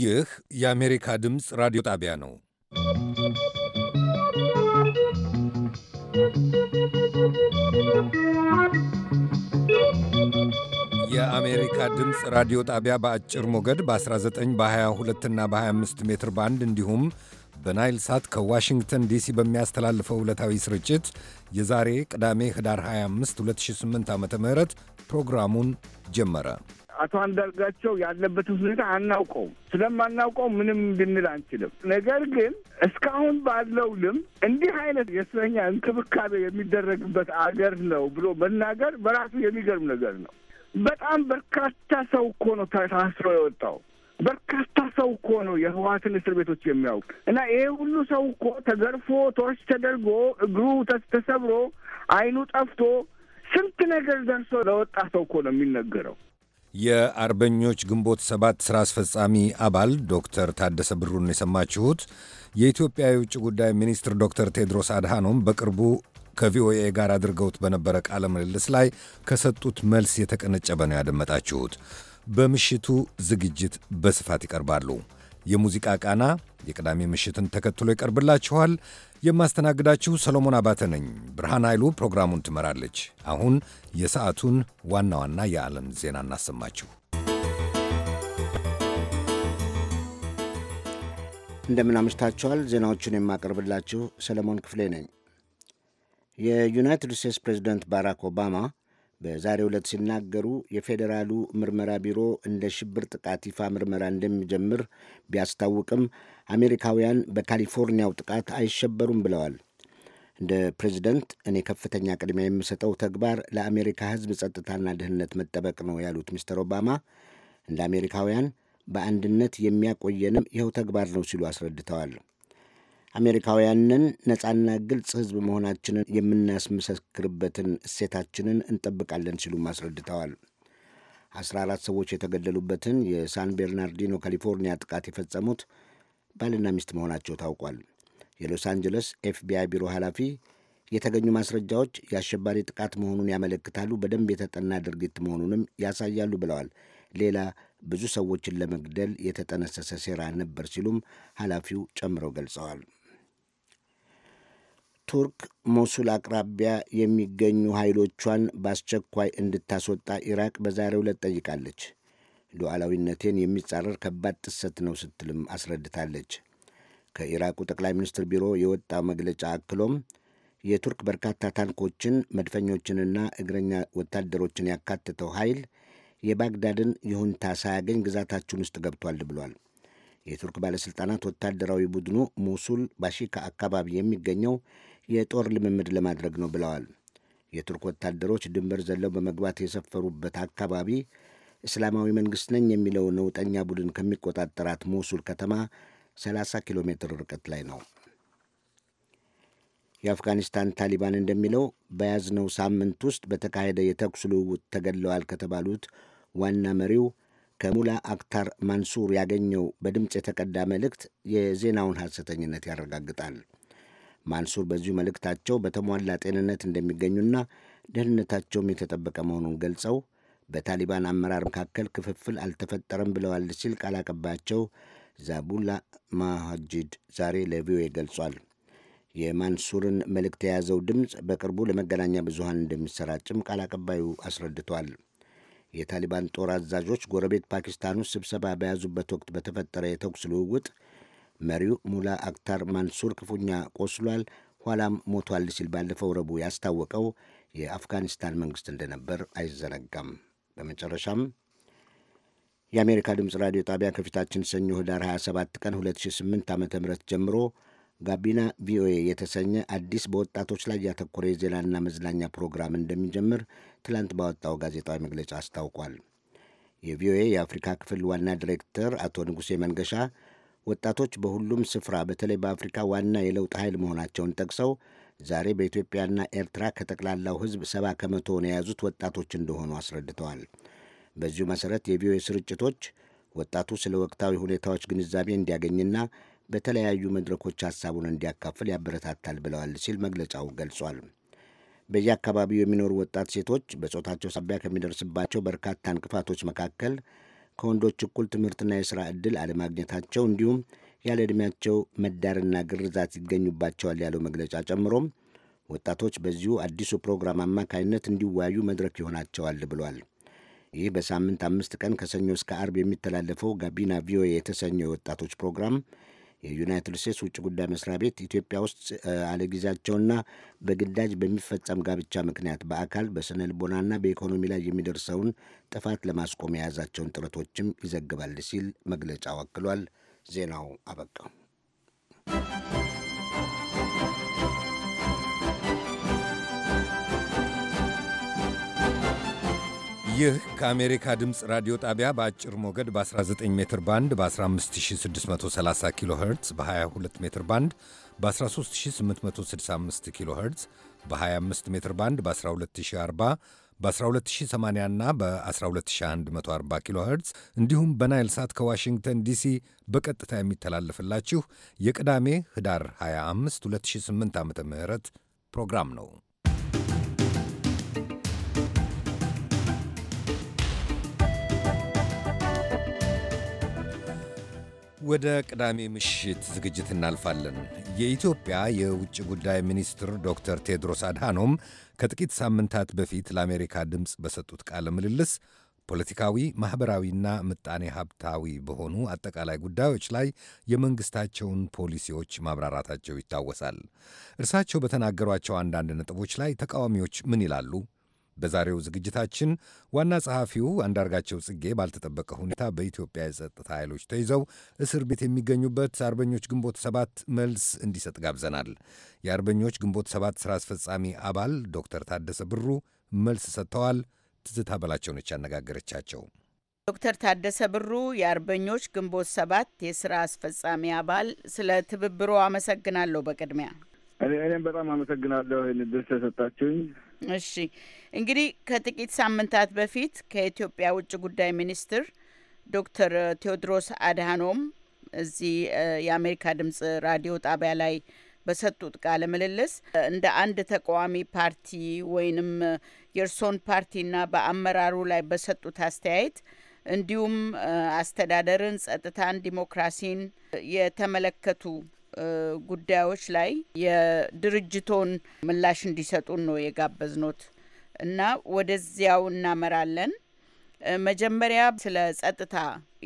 ይህ የአሜሪካ ድምፅ ራዲዮ ጣቢያ ነው። የአሜሪካ ድምፅ ራዲዮ ጣቢያ በአጭር ሞገድ በ19 በ22 እና በ25 ሜትር ባንድ እንዲሁም በናይል ሳት ከዋሽንግተን ዲሲ በሚያስተላልፈው ዕለታዊ ስርጭት የዛሬ ቅዳሜ ህዳር 25 2008 ዓ ም ፕሮግራሙን ጀመረ። አቶ አንዳርጋቸው ያለበትን ሁኔታ አናውቀውም። ስለማናውቀው ምንም ልንል አንችልም። ነገር ግን እስካሁን ባለው ልምድ እንዲህ አይነት የእስረኛ እንክብካቤ የሚደረግበት አገር ነው ብሎ መናገር በራሱ የሚገርም ነገር ነው። በጣም በርካታ ሰው እኮ ነው ታስሮ የወጣው። በርካታ ሰው እኮ ነው የህወሀትን እስር ቤቶች የሚያውቅ እና ይሄ ሁሉ ሰው እኮ ተገርፎ ቶርች ተደርጎ እግሩ ተሰብሮ አይኑ ጠፍቶ ስንት ነገር ደርሶ ለወጣ ሰው እኮ ነው የሚነገረው። የአርበኞች ግንቦት ሰባት ሥራ አስፈጻሚ አባል ዶክተር ታደሰ ብሩን የሰማችሁት። የኢትዮጵያ የውጭ ጉዳይ ሚኒስትር ዶክተር ቴድሮስ አድሃኖም በቅርቡ ከቪኦኤ ጋር አድርገውት በነበረ ቃለ ምልልስ ላይ ከሰጡት መልስ የተቀነጨበ ነው ያደመጣችሁት። በምሽቱ ዝግጅት በስፋት ይቀርባሉ። የሙዚቃ ቃና የቅዳሜ ምሽትን ተከትሎ ይቀርብላችኋል። የማስተናግዳችሁ ሰሎሞን አባተ ነኝ። ብርሃን ኃይሉ ፕሮግራሙን ትመራለች። አሁን የሰዓቱን ዋና ዋና የዓለም ዜና እናሰማችሁ። እንደምን አምሽታችኋል። ዜናዎቹን የማቀርብላችሁ ሰለሞን ክፍሌ ነኝ። የዩናይትድ ስቴትስ ፕሬዚደንት ባራክ ኦባማ በዛሬው ዕለት ሲናገሩ የፌዴራሉ ምርመራ ቢሮ እንደ ሽብር ጥቃት ይፋ ምርመራ እንደሚጀምር ቢያስታውቅም አሜሪካውያን በካሊፎርኒያው ጥቃት አይሸበሩም ብለዋል። እንደ ፕሬዚደንት እኔ ከፍተኛ ቅድሚያ የምሰጠው ተግባር ለአሜሪካ ሕዝብ ጸጥታና ደህንነት መጠበቅ ነው ያሉት ሚስተር ኦባማ እንደ አሜሪካውያን በአንድነት የሚያቆየንም ይኸው ተግባር ነው ሲሉ አስረድተዋል። አሜሪካውያንን ነፃና ግልጽ ሕዝብ መሆናችንን የምናስመሰክርበትን እሴታችንን እንጠብቃለን ሲሉም አስረድተዋል። አስራ አራት ሰዎች የተገደሉበትን የሳን ቤርናርዲኖ ካሊፎርኒያ ጥቃት የፈጸሙት ባልና ሚስት መሆናቸው ታውቋል። የሎስ አንጀለስ ኤፍቢአይ ቢሮ ኃላፊ የተገኙ ማስረጃዎች የአሸባሪ ጥቃት መሆኑን ያመለክታሉ፣ በደንብ የተጠና ድርጊት መሆኑንም ያሳያሉ ብለዋል። ሌላ ብዙ ሰዎችን ለመግደል የተጠነሰሰ ሴራ ነበር ሲሉም ኃላፊው ጨምረው ገልጸዋል። ቱርክ ሞሱል አቅራቢያ የሚገኙ ኃይሎቿን በአስቸኳይ እንድታስወጣ ኢራቅ በዛሬው ዕለት ጠይቃለች። ሉዓላዊነቴን የሚጻረር ከባድ ጥሰት ነው ስትልም አስረድታለች። ከኢራቁ ጠቅላይ ሚኒስትር ቢሮ የወጣ መግለጫ አክሎም የቱርክ በርካታ ታንኮችን መድፈኞችንና እግረኛ ወታደሮችን ያካተተው ኃይል የባግዳድን ይሁንታ ሳያገኝ ግዛታችን ውስጥ ገብቷል ብሏል። የቱርክ ባለሥልጣናት ወታደራዊ ቡድኑ ሙሱል ባሺካ አካባቢ የሚገኘው የጦር ልምምድ ለማድረግ ነው ብለዋል። የቱርክ ወታደሮች ድንበር ዘለው በመግባት የሰፈሩበት አካባቢ እስላማዊ መንግሥት ነኝ የሚለው ነውጠኛ ቡድን ከሚቆጣጠራት ሞሱል ከተማ 30 ኪሎ ሜትር ርቀት ላይ ነው። የአፍጋኒስታን ታሊባን እንደሚለው በያዝነው ሳምንት ውስጥ በተካሄደ የተኩስ ልውውጥ ተገድለዋል ከተባሉት ዋና መሪው ከሙላ አክታር ማንሱር ያገኘው በድምፅ የተቀዳ መልእክት የዜናውን ሐሰተኝነት ያረጋግጣል። ማንሱር በዚሁ መልእክታቸው በተሟላ ጤንነት እንደሚገኙና ደህንነታቸውም የተጠበቀ መሆኑን ገልጸው በታሊባን አመራር መካከል ክፍፍል አልተፈጠረም ብለዋል ሲል ቃል አቀባያቸው ዛቡላ ማሃጅድ ዛሬ ለቪኦኤ ገልጿል። የማንሱርን መልእክት የያዘው ድምፅ በቅርቡ ለመገናኛ ብዙሃን እንደሚሰራጭም ቃል አቀባዩ አስረድቷል። የታሊባን ጦር አዛዦች ጎረቤት ፓኪስታን ውስጥ ስብሰባ በያዙበት ወቅት በተፈጠረ የተኩስ ልውውጥ መሪው ሙላ አክታር ማንሱር ክፉኛ ቆስሏል፣ ኋላም ሞቷል ሲል ባለፈው ረቡዕ ያስታወቀው የአፍጋኒስታን መንግሥት እንደነበር አይዘነጋም። በመጨረሻም የአሜሪካ ድምፅ ራዲዮ ጣቢያ ከፊታችን ሰኞ ህዳር 27 ቀን 2008 ዓ ም ጀምሮ ጋቢና ቪኦኤ የተሰኘ አዲስ በወጣቶች ላይ ያተኮረ የዜናና መዝናኛ ፕሮግራም እንደሚጀምር ትላንት ባወጣው ጋዜጣዊ መግለጫ አስታውቋል። የቪኦኤ የአፍሪካ ክፍል ዋና ዲሬክተር አቶ ንጉሴ መንገሻ ወጣቶች በሁሉም ስፍራ በተለይ በአፍሪካ ዋና የለውጥ ኃይል መሆናቸውን ጠቅሰው ዛሬ በኢትዮጵያና ኤርትራ ከጠቅላላው ሕዝብ ሰባ ከመቶውን የያዙት ወጣቶች እንደሆኑ አስረድተዋል። በዚሁ መሠረት የቪኦኤ ስርጭቶች ወጣቱ ስለ ወቅታዊ ሁኔታዎች ግንዛቤ እንዲያገኝና በተለያዩ መድረኮች ሐሳቡን እንዲያካፍል ያበረታታል ብለዋል ሲል መግለጫው ገልጿል። በየአካባቢው የሚኖሩ ወጣት ሴቶች በጾታቸው ሳቢያ ከሚደርስባቸው በርካታ እንቅፋቶች መካከል ከወንዶች እኩል ትምህርትና የሥራ ዕድል አለማግኘታቸው እንዲሁም ያለ ዕድሜያቸው መዳርና ግርዛት ይገኙባቸዋል ያለው መግለጫ ጨምሮም ወጣቶች በዚሁ አዲሱ ፕሮግራም አማካይነት እንዲወያዩ መድረክ ይሆናቸዋል ብሏል። ይህ በሳምንት አምስት ቀን ከሰኞ እስከ አርብ የሚተላለፈው ጋቢና ቪኦኤ የተሰኘው የወጣቶች ፕሮግራም የዩናይትድ ስቴትስ ውጭ ጉዳይ መስሪያ ቤት ኢትዮጵያ ውስጥ አለጊዜያቸውና በግዳጅ በሚፈጸም ጋብቻ ምክንያት በአካል በስነ ልቦናና በኢኮኖሚ ላይ የሚደርሰውን ጥፋት ለማስቆም የያዛቸውን ጥረቶችም ይዘግባል ሲል መግለጫው አክሏል። ዜናው አበቃ። ይህ ከአሜሪካ ድምፅ ራዲዮ ጣቢያ በአጭር ሞገድ በ19 ሜትር ባንድ በ15630 ኪሎ ኸርትዝ በ22 ሜትር ባንድ በ13865 ኪሎ ኸርትዝ በ25 ሜትር ባንድ በ12040 በ12080 እና በ12140 ኪሎ ኸርትዝ እንዲሁም በናይል ሳት ከዋሽንግተን ዲሲ በቀጥታ የሚተላለፍላችሁ የቅዳሜ ህዳር 25 2008 ዓ ም ፕሮግራም ነው። ወደ ቅዳሜ ምሽት ዝግጅት እናልፋለን። የኢትዮጵያ የውጭ ጉዳይ ሚኒስትር ዶክተር ቴድሮስ አድሃኖም ከጥቂት ሳምንታት በፊት ለአሜሪካ ድምፅ በሰጡት ቃለ ምልልስ ፖለቲካዊ፣ ማኅበራዊና ምጣኔ ሀብታዊ በሆኑ አጠቃላይ ጉዳዮች ላይ የመንግሥታቸውን ፖሊሲዎች ማብራራታቸው ይታወሳል። እርሳቸው በተናገሯቸው አንዳንድ ነጥቦች ላይ ተቃዋሚዎች ምን ይላሉ? በዛሬው ዝግጅታችን ዋና ጸሐፊው አንዳርጋቸው ጽጌ ባልተጠበቀ ሁኔታ በኢትዮጵያ የጸጥታ ኃይሎች ተይዘው እስር ቤት የሚገኙበት አርበኞች ግንቦት ሰባት መልስ እንዲሰጥ ጋብዘናል። የአርበኞች ግንቦት ሰባት ሥራ አስፈጻሚ አባል ዶክተር ታደሰ ብሩ መልስ ሰጥተዋል። ትዝታ በላቸው ነች ያነጋገረቻቸው። ዶክተር ታደሰ ብሩ የአርበኞች ግንቦት ሰባት የስራ አስፈጻሚ አባል፣ ስለ ትብብሮ አመሰግናለሁ። በቅድሚያ እኔም በጣም አመሰግናለሁ ይህን እድል ተሰጣችሁኝ። እሺ እንግዲህ ከጥቂት ሳምንታት በፊት ከኢትዮጵያ ውጭ ጉዳይ ሚኒስትር ዶክተር ቴዎድሮስ አድሃኖም እዚህ የአሜሪካ ድምጽ ራዲዮ ጣቢያ ላይ በሰጡት ቃለ ምልልስ እንደ አንድ ተቃዋሚ ፓርቲ ወይንም የእርሶን ፓርቲና በአመራሩ ላይ በሰጡት አስተያየት እንዲሁም አስተዳደርን፣ ጸጥታን፣ ዲሞክራሲን የተመለከቱ ጉዳዮች ላይ የድርጅቶን ምላሽ እንዲሰጡን ነው የጋበዝኖት እና ወደዚያው እናመራለን። መጀመሪያ ስለ ጸጥታ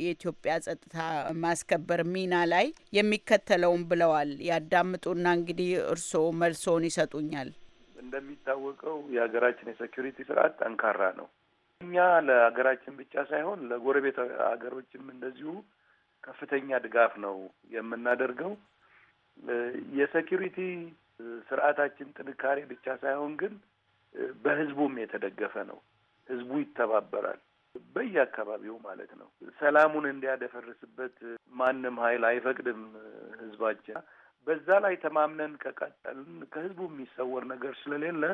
የኢትዮጵያ ጸጥታ ማስከበር ሚና ላይ የሚከተለውን ብለዋል። ያዳምጡና እንግዲህ እርስዎ መልሶውን ይሰጡኛል። እንደሚታወቀው የሀገራችን የሴኩሪቲ ስርዓት ጠንካራ ነው። እኛ ለሀገራችን ብቻ ሳይሆን ለጎረቤት ሀገሮችም እንደዚሁ ከፍተኛ ድጋፍ ነው የምናደርገው። የሴኪሪቲ ስርዓታችን ጥንካሬ ብቻ ሳይሆን ግን በህዝቡም የተደገፈ ነው። ህዝቡ ይተባበራል፣ በየአካባቢው ማለት ነው። ሰላሙን እንዲያደፈርስበት ማንም ኃይል አይፈቅድም ህዝባችን በዛ ላይ ተማምነን ከቀጠልን ከህዝቡ የሚሰወር ነገር ስለሌለ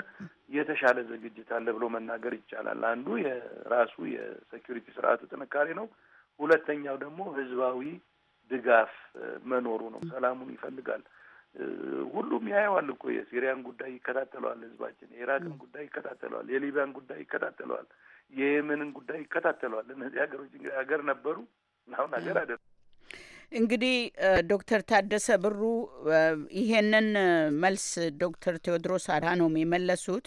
የተሻለ ዝግጅት አለ ብሎ መናገር ይቻላል። አንዱ የራሱ የሴኪሪቲ ስርዓቱ ጥንካሬ ነው። ሁለተኛው ደግሞ ህዝባዊ ድጋፍ መኖሩ ነው። ሰላሙን ይፈልጋል። ሁሉም ያየዋል እኮ የሲሪያን ጉዳይ ይከታተለዋል። ህዝባችን የኢራቅን ጉዳይ ይከታተለዋል። የሊቢያን ጉዳይ ይከታተለዋል። የየመንን ጉዳይ ይከታተለዋል። እነዚህ ሀገሮች ሀገር ነበሩ፣ አሁን ሀገር አይደሉም። እንግዲህ ዶክተር ታደሰ ብሩ ይሄንን መልስ ዶክተር ቴዎድሮስ አድሃኖም የመለሱት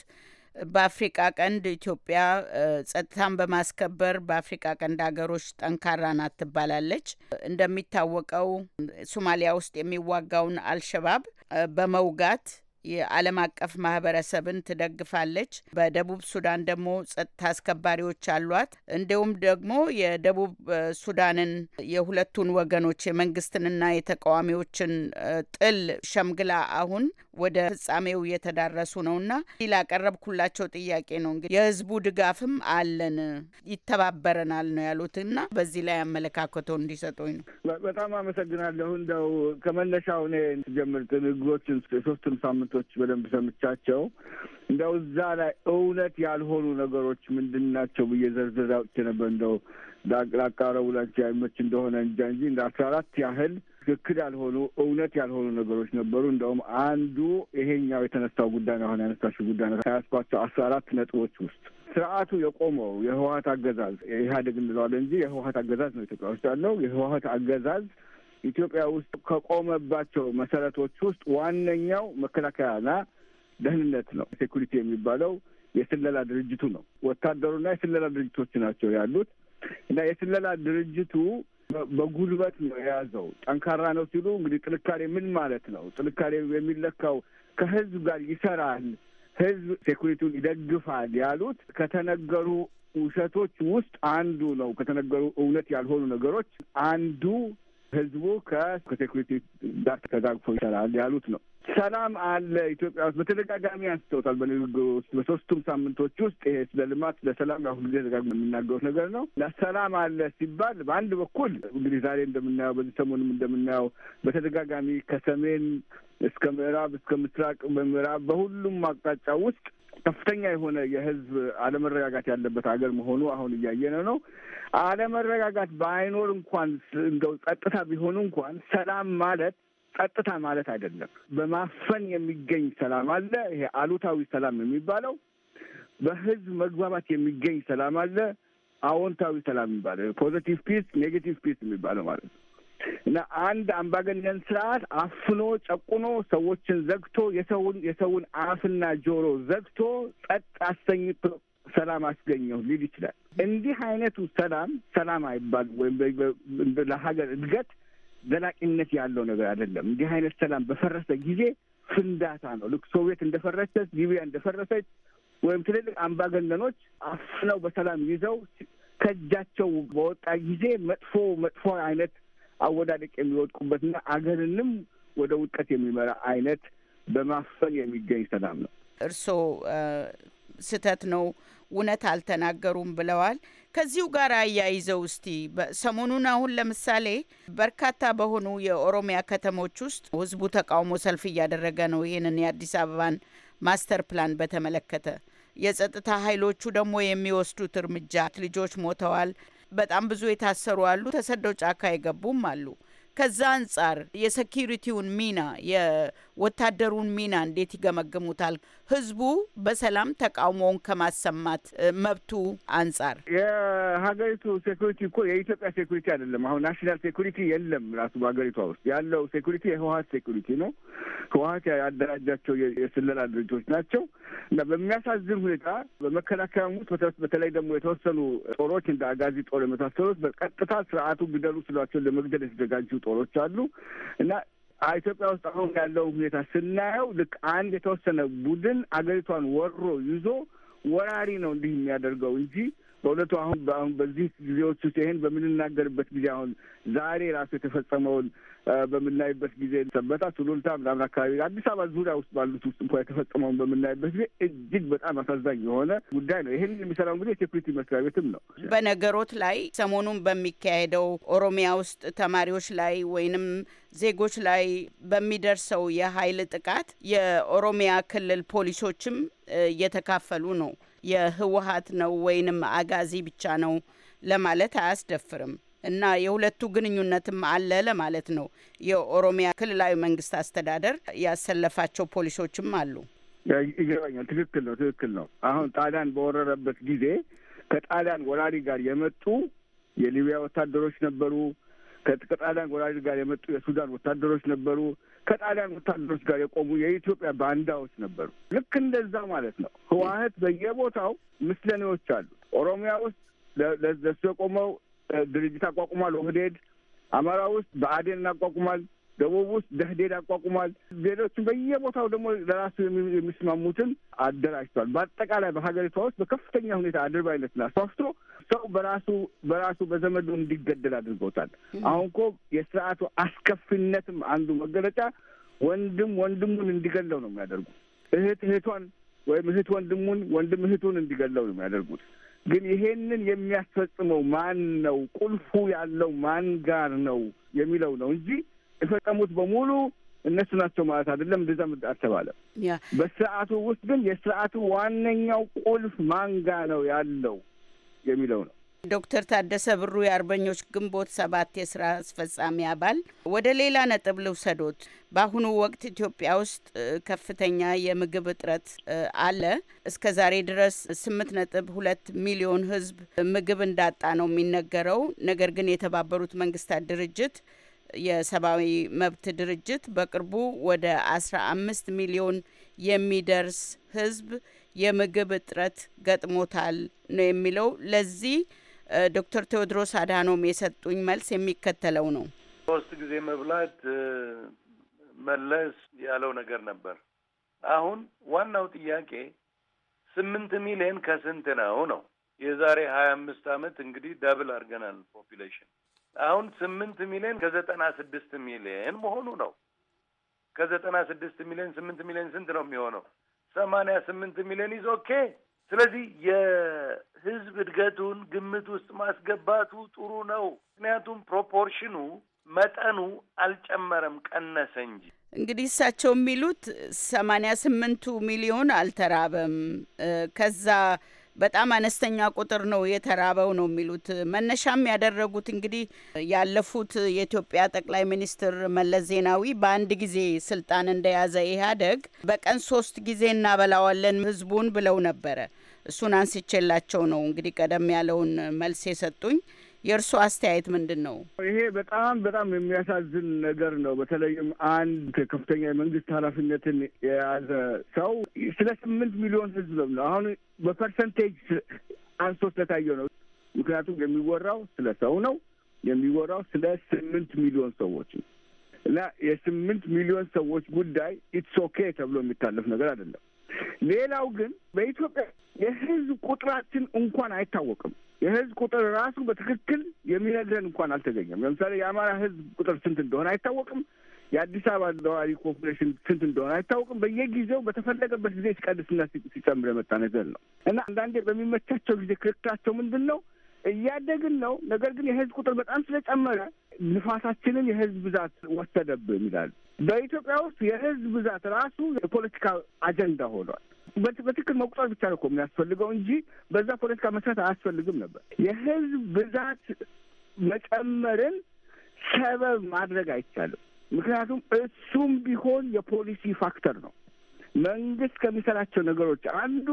በአፍሪቃ ቀንድ ኢትዮጵያ ጸጥታን በማስከበር በአፍሪቃ ቀንድ ሀገሮች ጠንካራ ናት ትባላለች። እንደሚታወቀው ሶማሊያ ውስጥ የሚዋጋውን አልሸባብ በመውጋት የዓለም አቀፍ ማህበረሰብን ትደግፋለች። በደቡብ ሱዳን ደግሞ ጸጥታ አስከባሪዎች አሏት። እንዲሁም ደግሞ የደቡብ ሱዳንን የሁለቱን ወገኖች የመንግስትንና የተቃዋሚዎችን ጥል ሸምግላ አሁን ወደ ፍጻሜው እየተዳረሱ ነውና ላቀረብኩላቸው ጥያቄ ነው እንግዲህ የህዝቡ ድጋፍም አለን ይተባበረናል ነው ያሉት እና በዚህ ላይ አመለካከቶ እንዲሰጡኝ ነው። በጣም አመሰግናለሁ። እንደው ከመነሻው እኔ ጀምር ንግግሮችን ሶስቱም ሳምንቶች በደንብ ሰምቻቸው እንደው እዛ ላይ እውነት ያልሆኑ ነገሮች ምንድን ናቸው ብዬ ዘርዝር ውጭ ነበር። እንደው ላቃረቡላቸው ያመች እንደሆነ እንጃ እንጂ እንደ አስራ አራት ያህል ትክክል ያልሆኑ እውነት ያልሆኑ ነገሮች ነበሩ። እንደውም አንዱ ይሄኛው የተነሳው ጉዳይ ነው። አሁን ያነሳችው ጉዳይ ነው ከያዝኳቸው አስራ አራት ነጥቦች ውስጥ ስርዓቱ የቆመው የህወሀት አገዛዝ ኢህአዴግ እንለዋለን እንጂ የህወሀት አገዛዝ ነው ኢትዮጵያ ውስጥ ያለው። የህወሀት አገዛዝ ኢትዮጵያ ውስጥ ከቆመባቸው መሰረቶች ውስጥ ዋነኛው መከላከያና ደህንነት ነው። ሴኩሪቲ የሚባለው የስለላ ድርጅቱ ነው። ወታደሩና የስለላ ድርጅቶች ናቸው ያሉት እና የስለላ ድርጅቱ በጉልበት ነው የያዘው። ጠንካራ ነው ሲሉ እንግዲህ ጥንካሬ ምን ማለት ነው? ጥንካሬ የሚለካው ከህዝብ ጋር ይሰራል፣ ህዝብ ሴኩሪቲውን ይደግፋል ያሉት ከተነገሩ ውሸቶች ውስጥ አንዱ ነው። ከተነገሩ እውነት ያልሆኑ ነገሮች አንዱ ህዝቡ ከሴኩሪቲ ጋር ተጋግፎ ይሰራል ያሉት ነው። ሰላም አለ ኢትዮጵያ ውስጥ በተደጋጋሚ አንስተውታል። በንግግር ውስጥ በሶስቱም ሳምንቶች ውስጥ ይሄ ስለ ልማት፣ ስለ ሰላም ያሁን ጊዜ ተደጋግሞ የሚናገሩት ነገር ነው ለሰላም ሰላም አለ ሲባል በአንድ በኩል እንግዲህ ዛሬ እንደምናየው በዚህ ሰሞንም እንደምናየው በተደጋጋሚ ከሰሜን እስከ ምዕራብ እስከ ምስራቅ በምዕራብ በሁሉም አቅጣጫ ውስጥ ከፍተኛ የሆነ የህዝብ አለመረጋጋት ያለበት ሀገር መሆኑ አሁን እያየነ ነው። አለመረጋጋት ባይኖር እንኳን እንደው ጸጥታ ቢሆኑ እንኳን ሰላም ማለት ቀጥታ ማለት አይደለም። በማፈን የሚገኝ ሰላም አለ። ይሄ አሉታዊ ሰላም የሚባለው በህዝብ መግባባት የሚገኝ ሰላም አለ። አዎንታዊ ሰላም የሚባለው ፖዘቲቭ ፒስ፣ ኔጌቲቭ ፒስ የሚባለው ማለት ነው። እና አንድ አምባገነን ስርዓት አፍኖ ጨቁኖ ሰዎችን ዘግቶ የሰውን የሰውን አፍና ጆሮ ዘግቶ ጸጥ አሰኝቶ ሰላም አስገኘው ሊል ይችላል። እንዲህ አይነቱ ሰላም ሰላም አይባል ወይም ለሀገር እድገት ዘላቂነት ያለው ነገር አይደለም። እንዲህ አይነት ሰላም በፈረሰ ጊዜ ፍንዳታ ነው። ልክ ሶቪየት እንደፈረሰች፣ ሊቢያ እንደፈረሰች ወይም ትልልቅ አምባገነኖች አፍነው በሰላም ይዘው ከእጃቸው በወጣ ጊዜ መጥፎ መጥፎ አይነት አወዳደቅ የሚወድቁበትና አገርንም ወደ ውድቀት የሚመራ አይነት በማፈን የሚገኝ ሰላም ነው። እርስዎ ስህተት ነው፣ እውነት አልተናገሩም ብለዋል። ከዚሁ ጋር አያይዘው እስቲ ሰሞኑን አሁን ለምሳሌ በርካታ በሆኑ የኦሮሚያ ከተሞች ውስጥ ህዝቡ ተቃውሞ ሰልፍ እያደረገ ነው። ይህንን የአዲስ አበባን ማስተር ፕላን በተመለከተ የጸጥታ ኃይሎቹ ደግሞ የሚወስዱት እርምጃ ልጆች ሞተዋል፣ በጣም ብዙ የታሰሩ አሉ፣ ተሰደው ጫካ የገቡም አሉ። ከዛ አንጻር የሴኪሪቲውን ሚና የወታደሩን ሚና እንዴት ይገመግሙታል? ህዝቡ በሰላም ተቃውሞውን ከማሰማት መብቱ አንጻር የሀገሪቱ ሴኩሪቲ እኮ የኢትዮጵያ ሴኩሪቲ አይደለም። አሁን ናሽናል ሴኩሪቲ የለም። ራሱ በሀገሪቷ ውስጥ ያለው ሴኩሪቲ የህወሀት ሴኩሪቲ ነው። ህወሀት ያደራጃቸው የስለላ ድርጅቶች ናቸው እና በሚያሳዝን ሁኔታ በመከላከያም ውስጥ በተለይ ደግሞ የተወሰኑ ጦሮች እንደ አጋዚ ጦር የመሳሰሉት በቀጥታ ስርዓቱ ግደሉ ስሏቸው ለመግደል የተዘጋጁ ጦሮች አሉ እና ኢትዮጵያ ውስጥ አሁን ያለው ሁኔታ ስናየው ልክ አንድ የተወሰነ ቡድን አገሪቷን ወሮ ይዞ ወራሪ ነው እንዲህ የሚያደርገው እንጂ በእውነቱ አሁን በአሁን በዚህ ጊዜዎች ውስጥ ይሄን በምንናገርበት ጊዜ አሁን ዛሬ ራሱ የተፈጸመውን በምናይበት ጊዜ ሰበታ፣ ሱሉልታ ምናምን አካባቢ አዲስ አበባ ዙሪያ ውስጥ ባሉት ውስጥ እንኳ የተፈጸመውን በምናይበት ጊዜ እጅግ በጣም አሳዛኝ የሆነ ጉዳይ ነው። ይህን የሚሰራው እንግዲህ የሴኩሪቲ መስሪያ ቤትም ነው። በነገሮት ላይ ሰሞኑን በሚካሄደው ኦሮሚያ ውስጥ ተማሪዎች ላይ ወይንም ዜጎች ላይ በሚደርሰው የኃይል ጥቃት የኦሮሚያ ክልል ፖሊሶችም እየተካፈሉ ነው። የህወሀት ነው ወይንም አጋዚ ብቻ ነው ለማለት አያስደፍርም። እና የሁለቱ ግንኙነትም አለ ለማለት ነው። የኦሮሚያ ክልላዊ መንግስት አስተዳደር ያሰለፋቸው ፖሊሶችም አሉ። ይገባኛል። ትክክል ነው፣ ትክክል ነው። አሁን ጣሊያን በወረረበት ጊዜ ከጣሊያን ወራሪ ጋር የመጡ የሊቢያ ወታደሮች ነበሩ። ከጣሊያን ወራሪ ጋር የመጡ የሱዳን ወታደሮች ነበሩ። ከጣሊያን ወታደሮች ጋር የቆሙ የኢትዮጵያ ባንዳዎች ነበሩ። ልክ እንደዛ ማለት ነው። ህወሓት በየቦታው ምስለኔዎች አሉ። ኦሮሚያ ውስጥ ለሱ የቆመው ድርጅት አቋቁሟል። ኦህዴድ አማራ ውስጥ በአዴን አቋቁሟል። ደቡብ ውስጥ ደህዴድ አቋቁሟል። ሌሎችም በየቦታው ደግሞ ለራሱ የሚስማሙትን አደራጅቷል። በአጠቃላይ በሀገሪቷ ውስጥ በከፍተኛ ሁኔታ አድርባይነትን አስፋፍቶ ሰው በራሱ በራሱ በዘመዱ እንዲገደል አድርገውታል። አሁን እኮ የስርዓቱ አስከፊነትም አንዱ መገለጫ ወንድም ወንድሙን እንዲገለው ነው የሚያደርጉት። እህት እህቷን ወይም እህት ወንድሙን፣ ወንድም እህቱን እንዲገለው ነው የሚያደርጉት። ግን ይሄንን የሚያስፈጽመው ማን ነው፣ ቁልፉ ያለው ማን ጋር ነው የሚለው ነው እንጂ የፈጸሙት በሙሉ እነሱ ናቸው ማለት አይደለም። እንደዛም አልተባለም። በስርዓቱ ውስጥ ግን የስርዓቱ ዋነኛው ቁልፍ ማን ጋር ነው ያለው የሚለው ነው። ዶክተር ታደሰ ብሩ የአርበኞች ግንቦት ሰባት የስራ አስፈጻሚ አባል፣ ወደ ሌላ ነጥብ ልውሰዶት። በአሁኑ ወቅት ኢትዮጵያ ውስጥ ከፍተኛ የምግብ እጥረት አለ። እስከ ዛሬ ድረስ ስምንት ነጥብ ሁለት ሚሊዮን ህዝብ ምግብ እንዳጣ ነው የሚነገረው። ነገር ግን የተባበሩት መንግስታት ድርጅት የሰብአዊ መብት ድርጅት በቅርቡ ወደ አስራ አምስት ሚሊዮን የሚደርስ ህዝብ የምግብ እጥረት ገጥሞታል ነው የሚለው ለዚህ ዶክተር ቴዎድሮስ አድሃኖም የሰጡኝ መልስ የሚከተለው ነው። ሶስት ጊዜ መብላት መለስ ያለው ነገር ነበር። አሁን ዋናው ጥያቄ ስምንት ሚሊየን ከስንት ነው ነው። የዛሬ ሀያ አምስት አመት እንግዲህ ዳብል አድርገናል ፖፒሌሽን። አሁን ስምንት ሚሊየን ከዘጠና ስድስት ሚሊየን መሆኑ ነው። ከዘጠና ስድስት ሚሊየን ስምንት ሚሊየን ስንት ነው የሚሆነው? ሰማንያ ስምንት ሚሊዮን ይዞ ኦኬ ስለዚህ የህዝብ እድገቱን ግምት ውስጥ ማስገባቱ ጥሩ ነው። ምክንያቱም ፕሮፖርሽኑ መጠኑ አልጨመረም፣ ቀነሰ እንጂ። እንግዲህ እሳቸው የሚሉት ሰማንያ ስምንቱ ሚሊዮን አልተራበም፣ ከዛ በጣም አነስተኛ ቁጥር ነው የተራበው ነው የሚሉት። መነሻም ያደረጉት እንግዲህ ያለፉት የኢትዮጵያ ጠቅላይ ሚኒስትር መለስ ዜናዊ በአንድ ጊዜ ስልጣን እንደያዘ ኢህአዴግ በቀን ሶስት ጊዜ እናበላዋለን ህዝቡን ብለው ነበረ። እሱን አንስቼላቸው ነው እንግዲህ ቀደም ያለውን መልስ የሰጡኝ። የእርሱ አስተያየት ምንድን ነው? ይሄ በጣም በጣም የሚያሳዝን ነገር ነው። በተለይም አንድ ከፍተኛ የመንግስት ኃላፊነትን የያዘ ሰው ስለ ስምንት ሚሊዮን ህዝብ ነው አሁን በፐርሰንቴጅ አንሶ ስለታየው ነው። ምክንያቱም የሚወራው ስለ ሰው ነው የሚወራው ስለ ስምንት ሚሊዮን ሰዎች እና የስምንት ሚሊዮን ሰዎች ጉዳይ ኢትስ ኦኬ ተብሎ የሚታለፍ ነገር አይደለም። ሌላው ግን በኢትዮጵያ የህዝብ ቁጥራችን እንኳን አይታወቅም። የህዝብ ቁጥር ራሱ በትክክል የሚነግረን እንኳን አልተገኘም። ለምሳሌ የአማራ ህዝብ ቁጥር ስንት እንደሆነ አይታወቅም። የአዲስ አበባ ነዋሪ ኮርፖሬሽን ስንት እንደሆነ አይታወቅም። በየጊዜው በተፈለገበት ጊዜ ሲቀንስና ሲጨምር የመጣ ነገር ነው እና አንዳንዴ በሚመቻቸው ጊዜ ክርክራቸው ምንድን ነው እያደግን ነው። ነገር ግን የህዝብ ቁጥር በጣም ስለጨመረ ንፋሳችንን የህዝብ ብዛት ወሰደብን ይላሉ። በኢትዮጵያ ውስጥ የህዝብ ብዛት ራሱ የፖለቲካ አጀንዳ ሆኗል። በትክክል መቁጠር ብቻ ነው የሚያስፈልገው እንጂ በዛ ፖለቲካ መስራት አያስፈልግም ነበር። የህዝብ ብዛት መጨመርን ሰበብ ማድረግ አይቻልም። ምክንያቱም እሱም ቢሆን የፖሊሲ ፋክተር ነው። መንግስት ከሚሰራቸው ነገሮች አንዱ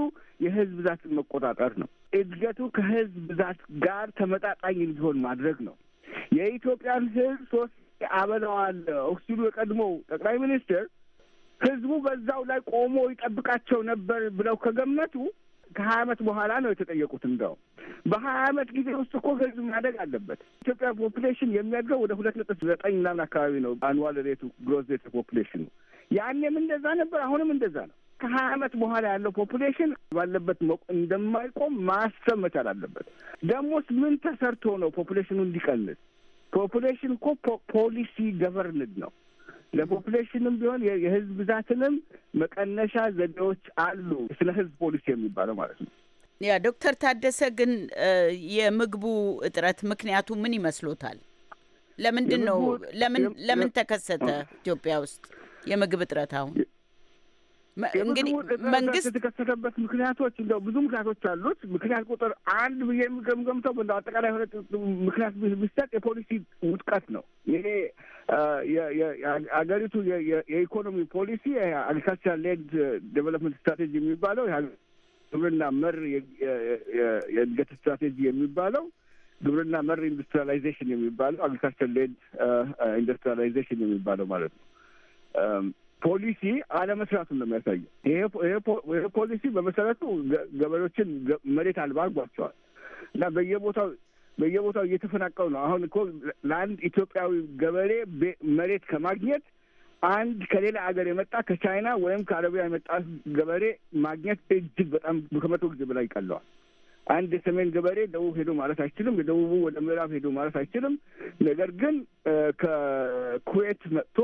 የህዝብ ብዛትን መቆጣጠር ነው። እድገቱ ከህዝብ ብዛት ጋር ተመጣጣኝ እንዲሆን ማድረግ ነው። የኢትዮጵያን ህዝብ ሶስት አበላዋለሁ ሲሉ የቀድሞው ጠቅላይ ሚኒስትር ህዝቡ በዛው ላይ ቆሞ ይጠብቃቸው ነበር ብለው ከገመቱ ከሀያ አመት በኋላ ነው የተጠየቁት። እንደው በሀያ አመት ጊዜ ውስጥ እኮ ህዝብ ማደግ አለበት። ኢትዮጵያ ፖፕሌሽን የሚያድገው ወደ ሁለት ነጥብ ዘጠኝ ምናምን አካባቢ ነው አንዋል ሬቱ ግሮዝ ሬት ፖፑሌሽኑ። ያኔም እንደዛ ነበር፣ አሁንም እንደዛ ነው። ከሀያ አመት በኋላ ያለው ፖፑሌሽን ባለበት እንደማይቆም ማሰብ መቻል አለበት። ደግሞስ ምን ተሰርቶ ነው ፖፑሌሽኑ እንዲቀንስ? ፖፑሌሽን እኮ ፖሊሲ ገቨርንድ ነው። ለፖፑሌሽንም ቢሆን የህዝብ ብዛትንም መቀነሻ ዘዴዎች አሉ። ስለ ህዝብ ፖሊሲ የሚባለው ማለት ነው። ያ ዶክተር ታደሰ ግን የምግቡ እጥረት ምክንያቱ ምን ይመስሎታል? ለምንድን ነው ለምን ለምን ተከሰተ ኢትዮጵያ ውስጥ የምግብ እጥረት አሁን እንግዲህ መንግስት የተከሰተበት ምክንያቶች እንደው ብዙ ምክንያቶች አሉት። ምክንያት ቁጥር አንድ ብዬ የምገምገምተው እንደው አጠቃላይ ሆነ ምክንያት ብሰጥ የፖሊሲ ውድቀት ነው። ይሄ የሀገሪቱ የኢኮኖሚ ፖሊሲ አግሪካልቸር ሌድ ዴቨሎፕመንት ስትራቴጂ የሚባለው ግብርና መር የእድገት ስትራቴጂ የሚባለው ግብርና መር ኢንዱስትሪላይዜሽን የሚባለው አግሪካልቸር ሌድ ኢንዱስትሪላይዜሽን የሚባለው ማለት ነው ፖሊሲ አለመስራቱን ነው የሚያሳየው። ይሄ ፖሊሲ በመሰረቱ ገበሬዎችን መሬት አልባ አድርጓቸዋል እና በየቦታው በየቦታው እየተፈናቀሉ ነው። አሁን እኮ ለአንድ ኢትዮጵያዊ ገበሬ መሬት ከማግኘት አንድ ከሌላ ሀገር የመጣ ከቻይና ወይም ከአረቢያ የመጣ ገበሬ ማግኘት እጅግ በጣም ከመቶ ጊዜ በላይ ይቀለዋል። አንድ የሰሜን ገበሬ ደቡብ ሄዶ ማለት አይችልም። የደቡቡ ወደ ምዕራብ ሄዶ ማለት አይችልም። ነገር ግን ከኩዌት መጥቶ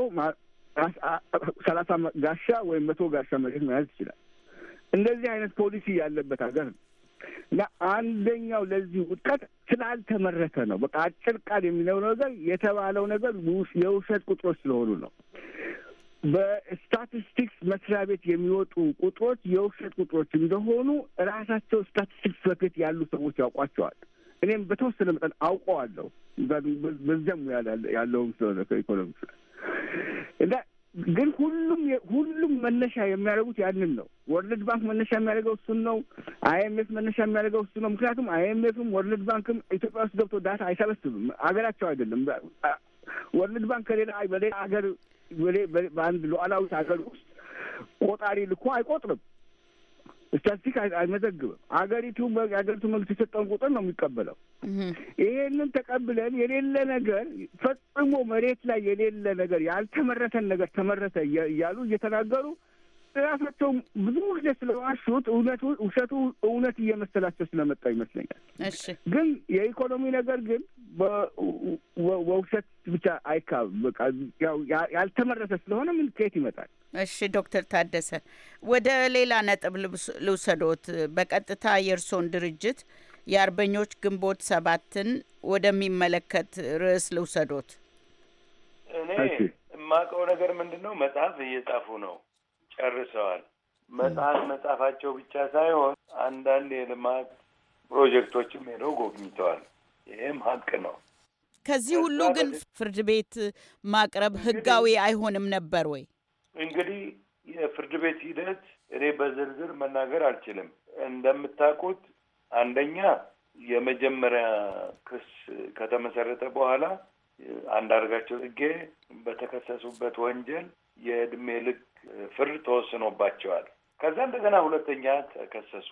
ሰላሳ ጋሻ ወይም መቶ ጋሻ መሬት መያዝ ይችላል። እንደዚህ አይነት ፖሊሲ ያለበት ሀገር ነው እና አንደኛው ለዚህ ውድቀት ስላልተመረተ ነው። በቃ አጭር ቃል የሚለው ነገር የተባለው ነገር የውሸት ቁጥሮች ስለሆኑ ነው። በስታቲስቲክስ መስሪያ ቤት የሚወጡ ቁጥሮች የውሸት ቁጥሮች እንደሆኑ ራሳቸው ስታቲስቲክስ በፊት ያሉ ሰዎች ያውቋቸዋል። እኔም በተወሰነ መጠን አውቀዋለሁ። በዚያም ያለውም ስለሆነ ከኢኮኖሚክስ እና ግን ሁሉም ሁሉም መነሻ የሚያደርጉት ያንን ነው። ወርልድ ባንክ መነሻ የሚያደርገው እሱን ነው። አይኤምኤፍ መነሻ የሚያደርገው እሱ ነው። ምክንያቱም አይኤምኤፍም ወርልድ ባንክም ኢትዮጵያ ውስጥ ገብቶ ዳታ አይሰበስብም። አገራቸው አይደለም። ወርልድ ባንክ ከሌላ በሌላ ሀገር በአንድ ሉዓላዊት ሀገር ውስጥ ቆጣሪ ልኮ አይቆጥርም። ስታቲስቲክ አይመዘግብም። አገሪቱ አገሪቱ መንግስት የሰጠውን ቁጥር ነው የሚቀበለው። ይሄንን ተቀብለን የሌለ ነገር ፈጽሞ መሬት ላይ የሌለ ነገር ያልተመረተን ነገር ተመረተ እያሉ እየተናገሩ እራሳቸው ብዙ ጊዜ ስለዋሹት እውነቱ ውሸቱ እውነት እየመሰላቸው ስለመጣ ይመስለኛል። ግን የኢኮኖሚ ነገር ግን በውሸት ብቻ አይካ በቃ ያልተመረተ ስለሆነ ምን ከየት ይመጣል? እሺ ዶክተር ታደሰ ወደ ሌላ ነጥብ ልውሰዶት። በቀጥታ የእርሶን ድርጅት የአርበኞች ግንቦት ሰባትን ወደሚመለከት ርዕስ ልውሰዶት። እኔ የማውቀው ነገር ምንድን ነው፣ መጽሐፍ እየጻፉ ነው ጨርሰዋል። መጽሐፍ መጻፋቸው ብቻ ሳይሆን አንዳንድ የልማት ፕሮጀክቶችም ሄደው ጎብኝተዋል። ይህም ሀቅ ነው። ከዚህ ሁሉ ግን ፍርድ ቤት ማቅረብ ህጋዊ አይሆንም ነበር ወይ? እንግዲህ የፍርድ ቤት ሂደት እኔ በዝርዝር መናገር አልችልም። እንደምታውቁት አንደኛ የመጀመሪያ ክስ ከተመሰረተ በኋላ አንዳርጋቸው ጽጌ በተከሰሱበት ወንጀል የእድሜ ልክ ፍርድ ተወስኖባቸዋል። ከዛ እንደገና ሁለተኛ ተከሰሱ።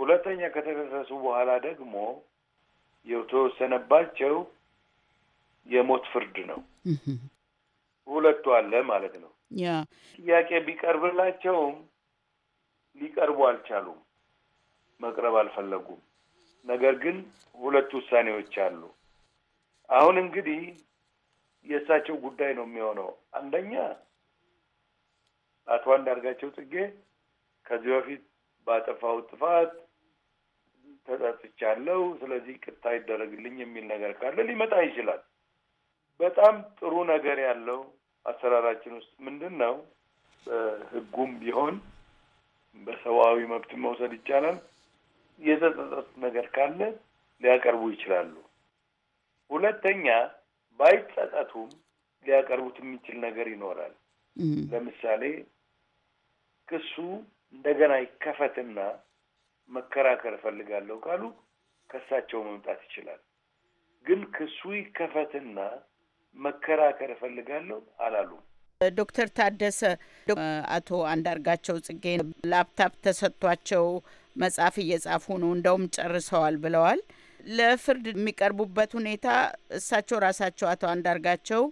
ሁለተኛ ከተከሰሱ በኋላ ደግሞ የተወሰነባቸው የሞት ፍርድ ነው። ሁለቱ አለ ማለት ነው። ጥያቄ ቢቀርብላቸውም ሊቀርቡ አልቻሉም፣ መቅረብ አልፈለጉም። ነገር ግን ሁለት ውሳኔዎች አሉ። አሁን እንግዲህ የእሳቸው ጉዳይ ነው የሚሆነው አንደኛ አቶ አንዳርጋቸው ጽጌ ከዚህ በፊት ባጠፋው ጥፋት ተጸጽቻለሁ፣ ስለዚህ ቅታ ይደረግልኝ የሚል ነገር ካለ ሊመጣ ይችላል። በጣም ጥሩ ነገር ያለው አሰራራችን ውስጥ ምንድን ነው? ህጉም ቢሆን በሰብአዊ መብት መውሰድ ይቻላል። የተጸጸት ነገር ካለ ሊያቀርቡ ይችላሉ። ሁለተኛ ባይጸጸቱም ሊያቀርቡት የሚችል ነገር ይኖራል። ለምሳሌ ክሱ እንደገና ይከፈትና መከራከር እፈልጋለሁ ካሉ ከሳቸው መምጣት ይችላል። ግን ክሱ ይከፈትና መከራከር እፈልጋለሁ አላሉም። ዶክተር ታደሰ አቶ አንዳርጋቸው ጽጌ ላፕታፕ ተሰጥቷቸው መጽሐፍ እየጻፉ ነው፣ እንደውም ጨርሰዋል ብለዋል። ለፍርድ የሚቀርቡበት ሁኔታ እሳቸው ራሳቸው አቶ አንዳርጋቸው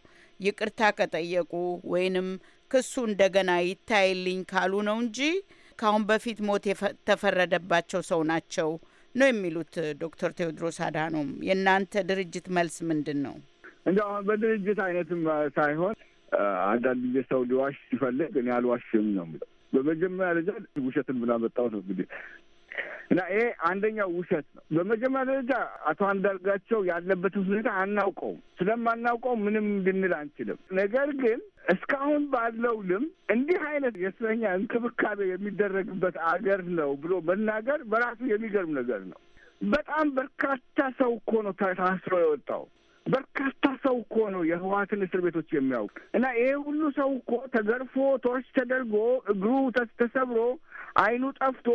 ይቅርታ ከጠየቁ ወይንም ክሱ እንደገና ይታይልኝ ካሉ ነው እንጂ ከአሁን በፊት ሞት የተፈረደባቸው ሰው ናቸው ነው የሚሉት ዶክተር ቴዎድሮስ አድሃኖም። የእናንተ ድርጅት መልስ ምንድን ነው? እንደ በድርጅት አይነትም ሳይሆን አንዳንድ ጊዜ ሰው ሊዋሽ ሲፈልግ እኔ አልዋሽም ነው የሚለው። በመጀመሪያ ደረጃ ውሸትን ብናመጣው ነው እንግዲህ እና ይሄ አንደኛው ውሸት ነው። በመጀመሪያ ደረጃ አቶ አንዳርጋቸው ያለበትን ሁኔታ አናውቀውም። ስለማናውቀው ምንም ልንል አንችልም። ነገር ግን እስካሁን ባለው ልም እንዲህ አይነት የእስረኛ እንክብካቤ የሚደረግበት አገር ነው ብሎ መናገር በራሱ የሚገርም ነገር ነው። በጣም በርካታ ሰው እኮ ነው ታስሮ የወጣው። በርካታ ሰው እኮ ነው የህወሀትን እስር ቤቶች የሚያውቅ እና ይሄ ሁሉ ሰው እኮ ተገርፎ ቶርች ተደርጎ እግሩ ተሰብሮ አይኑ ጠፍቶ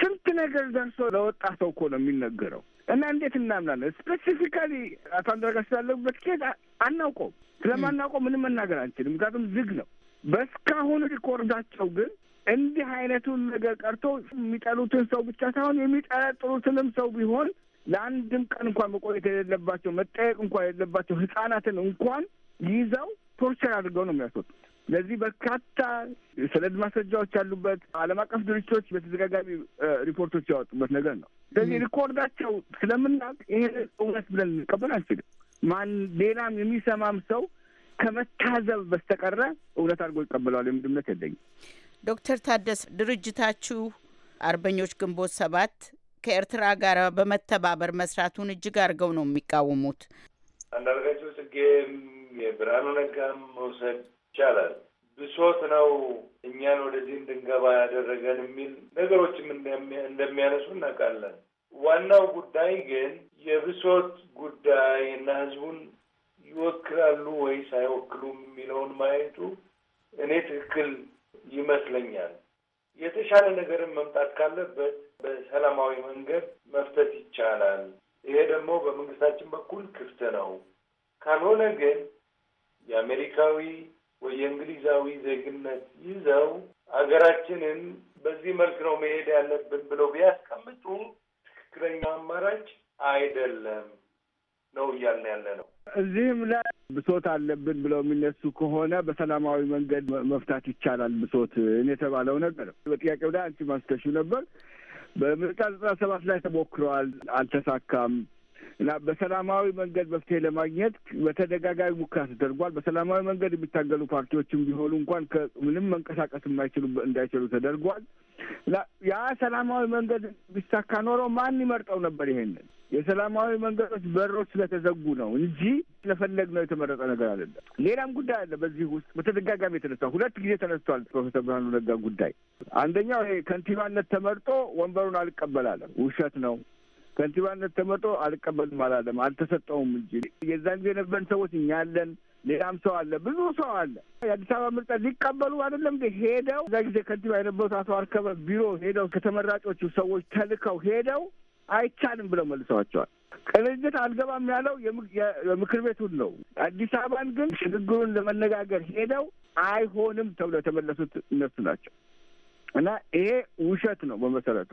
ስንት ነገር ደርሶ ለወጣ ሰው እኮ ነው የሚነገረው እና እንዴት እናምናለን? ስፔሲፊካሊ አቶ አንደረጋ ያለበት ኬዝ አናውቀውም። ስለማናውቀው ምንም መናገር አንችልም፣ ምክንያቱም ዝግ ነው። በእስካሁን ሪኮርዳቸው ግን እንዲህ አይነቱን ነገር ቀርቶ የሚጠሉትን ሰው ብቻ ሳይሆን የሚጠረጥሩትንም ሰው ቢሆን ለአንድም ቀን እንኳን መቆየት የሌለባቸው መጠየቅ እንኳን የሌለባቸው ህጻናትን እንኳን ይዘው ቶርቸር አድርገው ነው የሚያስወጡት። ለዚህ በርካታ ሰነድ ማስረጃዎች ያሉበት ዓለም አቀፍ ድርጅቶች በተደጋጋሚ ሪፖርቶች ያወጡበት ነገር ነው። ስለዚህ ሪኮርዳቸው ስለምናውቅ ይህንን እውነት ብለን ልንቀበል አንችልም። ማን ሌላም የሚሰማም ሰው ከመታዘብ በስተቀረ እውነት አድርጎ ይቀበለዋል የሚል እምነት የለኝም። ዶክተር ታደስ ድርጅታችሁ አርበኞች ግንቦት ሰባት ከኤርትራ ጋር በመተባበር መስራቱን እጅግ አድርገው ነው የሚቃወሙት። አንዳርጋቸው ጽጌም የብርሃኑ ነጋም መውሰድ ይቻላል። ብሶት ነው እኛን ወደዚህ እንድንገባ ያደረገን የሚል ነገሮችም እንደሚያነሱ እናውቃለን። ዋናው ጉዳይ ግን የብሶት ጉዳይ እና ህዝቡን ይወክላሉ ወይስ አይወክሉም የሚለውን ማየቱ እኔ ትክክል ይመስለኛል። የተሻለ ነገርን መምጣት ካለበት በሰላማዊ መንገድ መፍተት ይቻላል። ይሄ ደግሞ በመንግስታችን በኩል ክፍት ነው። ካልሆነ ግን የአሜሪካዊ ወይ የእንግሊዛዊ ዜግነት ይዘው ሀገራችንን በዚህ መልክ ነው መሄድ ያለብን ብለው ቢያስቀምጡ ትክክለኛ አማራጭ አይደለም ነው እያልን ያለ ነው። እዚህም ላይ ብሶት አለብን ብለው የሚነሱ ከሆነ በሰላማዊ መንገድ መፍታት ይቻላል። ብሶት የተባለው ነገር በጥያቄው ላይ አንቺ ማስተሹ ነበር። በምርጫ ዘጠና ሰባት ላይ ተሞክረዋል፣ አልተሳካም። እና በሰላማዊ መንገድ መፍትሄ ለማግኘት በተደጋጋሚ ሙከራ ተደርጓል። በሰላማዊ መንገድ የሚታገሉ ፓርቲዎችም ቢሆኑ እንኳን ምንም መንቀሳቀስ የማይችሉ እንዳይችሉ ተደርጓል። ያ ሰላማዊ መንገድ ቢሳካ ኖሮ ማን ይመርጠው ነበር? ይሄንን የሰላማዊ መንገዶች በሮች ስለተዘጉ ነው እንጂ ነው የተመረጠ ነገር አይደለም። ሌላም ጉዳይ አለ በዚህ ውስጥ በተደጋጋሚ የተነሳ ሁለት ጊዜ ተነስቷል። ፕሮፌሰር ብርሃኑ ነጋ ጉዳይ አንደኛው ይሄ ከንቲባነት ተመርጦ ወንበሩን አልቀበላለም ውሸት ነው ከንቲባነት ተመርጦ አልቀበልም አላለም፣ አልተሰጠውም እንጂ የዛን ጊዜ ነበርን ሰዎች እኛ አለን፣ ሌላም ሰው አለ፣ ብዙ ሰው አለ። የአዲስ አበባ ምርጫ ሊቀበሉ አይደለም እንደ ሄደው እዛ ጊዜ ከንቲባ የነበሩት አቶ አርከበ ቢሮ ሄደው ከተመራጮቹ ሰዎች ተልከው ሄደው አይቻልም ብለው መልሰዋቸዋል። ቅንጅት አልገባም ያለው የምክር ቤቱን ነው። አዲስ አበባን ግን ሽግግሩን ለመነጋገር ሄደው አይሆንም ተብለው የተመለሱት እነሱ ናቸው እና ይሄ ውሸት ነው በመሰረቱ።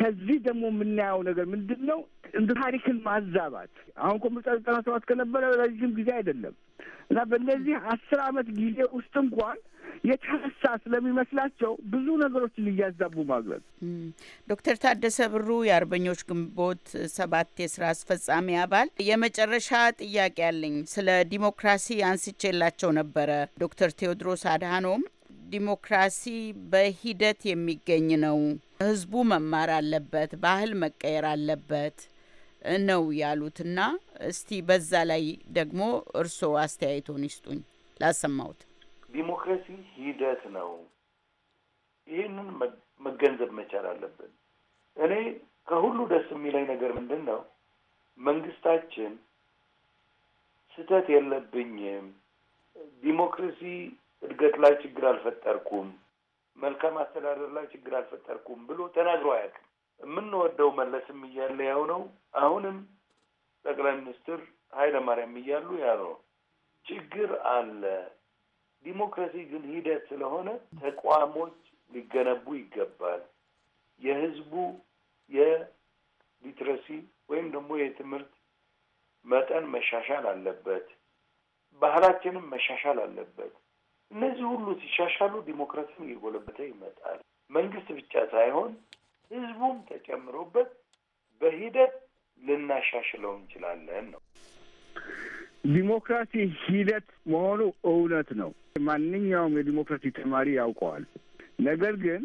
ከዚህ ደግሞ የምናየው ነገር ምንድን ነው? እንደ ታሪክን ማዛባት አሁን ኮምፒውተር ዘጠና ሰባት ከነበረ ረዥም ጊዜ አይደለም እና በእነዚህ አስር አመት ጊዜ ውስጥ እንኳን የተነሳ ስለሚመስላቸው ብዙ ነገሮችን እያዛቡ ማግለት። ዶክተር ታደሰ ብሩ የአርበኞች ግንቦት ሰባት የስራ አስፈጻሚ አባል፣ የመጨረሻ ጥያቄ አለኝ። ስለ ዲሞክራሲ አንስቼላቸው ነበረ ዶክተር ቴዎድሮስ አድሃኖም ዲሞክራሲ በሂደት የሚገኝ ነው። ህዝቡ መማር አለበት፣ ባህል መቀየር አለበት ነው ያሉትና እስቲ በዛ ላይ ደግሞ እርስዎ አስተያየቶን ይስጡኝ። ላሰማሁት ዲሞክራሲ ሂደት ነው። ይህንን መገንዘብ መቻል አለብን። እኔ ከሁሉ ደስ የሚለኝ ነገር ምንድን ነው? መንግስታችን ስህተት የለብኝም ዲሞክራሲ እድገት ላይ ችግር አልፈጠርኩም፣ መልካም አስተዳደር ላይ ችግር አልፈጠርኩም ብሎ ተናግሮ አያውቅም። የምንወደው መለስም እያለ ያው ነው። አሁንም ጠቅላይ ሚኒስትር ኃይለማርያም እያሉ ያለው ችግር አለ። ዲሞክራሲ ግን ሂደት ስለሆነ ተቋሞች ሊገነቡ ይገባል። የህዝቡ የሊትረሲ ወይም ደግሞ የትምህርት መጠን መሻሻል አለበት። ባህላችንም መሻሻል አለበት። እነዚህ ሁሉ ሲሻሻሉ ዲሞክራሲም እየጎለበተ ይመጣል። መንግስት ብቻ ሳይሆን ህዝቡም ተጨምሮበት በሂደት ልናሻሽለው እንችላለን ነው። ዲሞክራሲ ሂደት መሆኑ እውነት ነው። ማንኛውም የዲሞክራሲ ተማሪ ያውቀዋል። ነገር ግን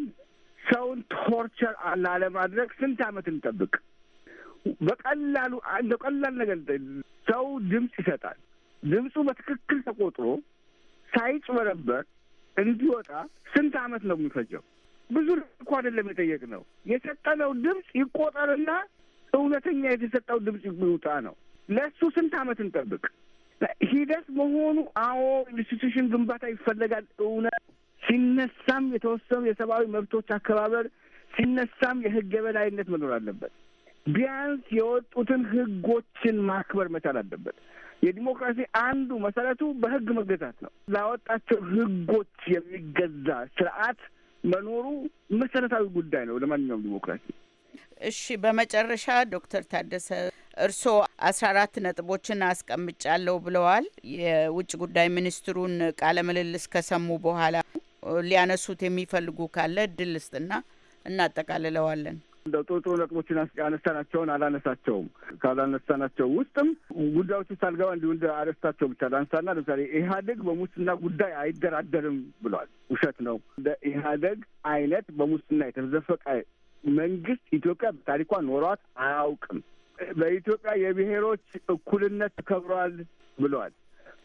ሰውን ቶርቸር ላለማድረግ ስንት ዓመት እንጠብቅ? በቀላሉ እንደ ቀላል ነገር ሰው ድምፅ ይሰጣል። ድምፁ በትክክል ተቆጥሮ ሳይጭበረበር እንዲወጣ ስንት ዓመት ነው የሚፈጀው? ብዙ እኮ አይደለም ነው የሰጠነው ድምፅ ይቆጠርና እውነተኛ የተሰጠው ድምፅ ይውጣ ነው። ለእሱ ስንት ዓመት እንጠብቅ? ሂደት መሆኑ አዎ፣ ኢንስቲቱሽን ግንባታ ይፈለጋል። እውነት ሲነሳም የተወሰኑ የሰብአዊ መብቶች አከባበር ሲነሳም የህግ የበላይነት መኖር አለበት። ቢያንስ የወጡትን ህጎችን ማክበር መቻል አለበት። የዲሞክራሲ አንዱ መሰረቱ በህግ መገዛት ነው። ላወጣቸው ህጎች የሚገዛ ስርዓት መኖሩ መሰረታዊ ጉዳይ ነው ለማንኛውም ዲሞክራሲ። እሺ፣ በመጨረሻ ዶክተር ታደሰ እርስዎ አስራ አራት ነጥቦችን አስቀምጫለሁ ብለዋል። የውጭ ጉዳይ ሚኒስትሩን ቃለ ምልልስ ከሰሙ በኋላ ሊያነሱት የሚፈልጉ ካለ እድል እናጠቃልለዋለን። እንደ ጥሩ ጥሩ ነጥቦችን ያነሳናቸውን አላነሳቸውም። ካላነሳናቸው ውስጥም ጉዳዮች ውስጥ አልገባ እንዲሁ እንደ አነሳቸው ብቻ ላንሳና፣ ለምሳሌ ኢህአዴግ በሙስና ጉዳይ አይደራደርም ብሏል። ውሸት ነው። እንደ ኢህአዴግ አይነት በሙስና የተዘፈቀ መንግስት ኢትዮጵያ በታሪኳ ኖሯት አያውቅም። በኢትዮጵያ የብሔሮች እኩልነት ተከብሯል ብሏል።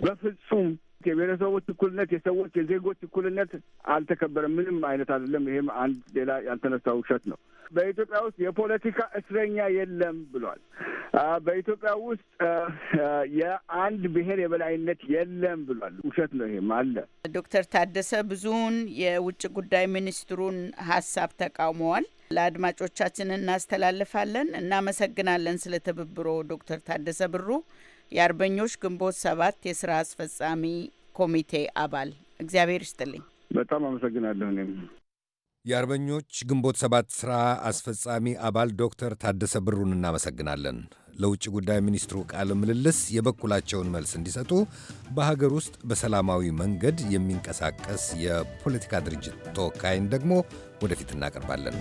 በፍጹም የብሔረሰቦች እኩልነት፣ የሰዎች የዜጎች እኩልነት አልተከበረም። ምንም አይነት አይደለም። ይሄም አንድ ሌላ ያልተነሳ ውሸት ነው። በኢትዮጵያ ውስጥ የፖለቲካ እስረኛ የለም ብሏል። በኢትዮጵያ ውስጥ የአንድ ብሔር የበላይነት የለም ብሏል። ውሸት ነው። ይሄም አለ። ዶክተር ታደሰ ብዙውን የውጭ ጉዳይ ሚኒስትሩን ሀሳብ ተቃውመዋል። ለአድማጮቻችን እናስተላልፋለን። እናመሰግናለን ስለ ትብብሮ ዶክተር ታደሰ ብሩ የአርበኞች ግንቦት ሰባት የስራ አስፈጻሚ ኮሚቴ አባል። እግዚአብሔር ይስጥልኝ። በጣም አመሰግናለሁ እኔም የአርበኞች ግንቦት ሰባት ሥራ አስፈጻሚ አባል ዶክተር ታደሰ ብሩን እናመሰግናለን። ለውጭ ጉዳይ ሚኒስትሩ ቃለ ምልልስ የበኩላቸውን መልስ እንዲሰጡ በሀገር ውስጥ በሰላማዊ መንገድ የሚንቀሳቀስ የፖለቲካ ድርጅት ተወካይን ደግሞ ወደፊት እናቀርባለን።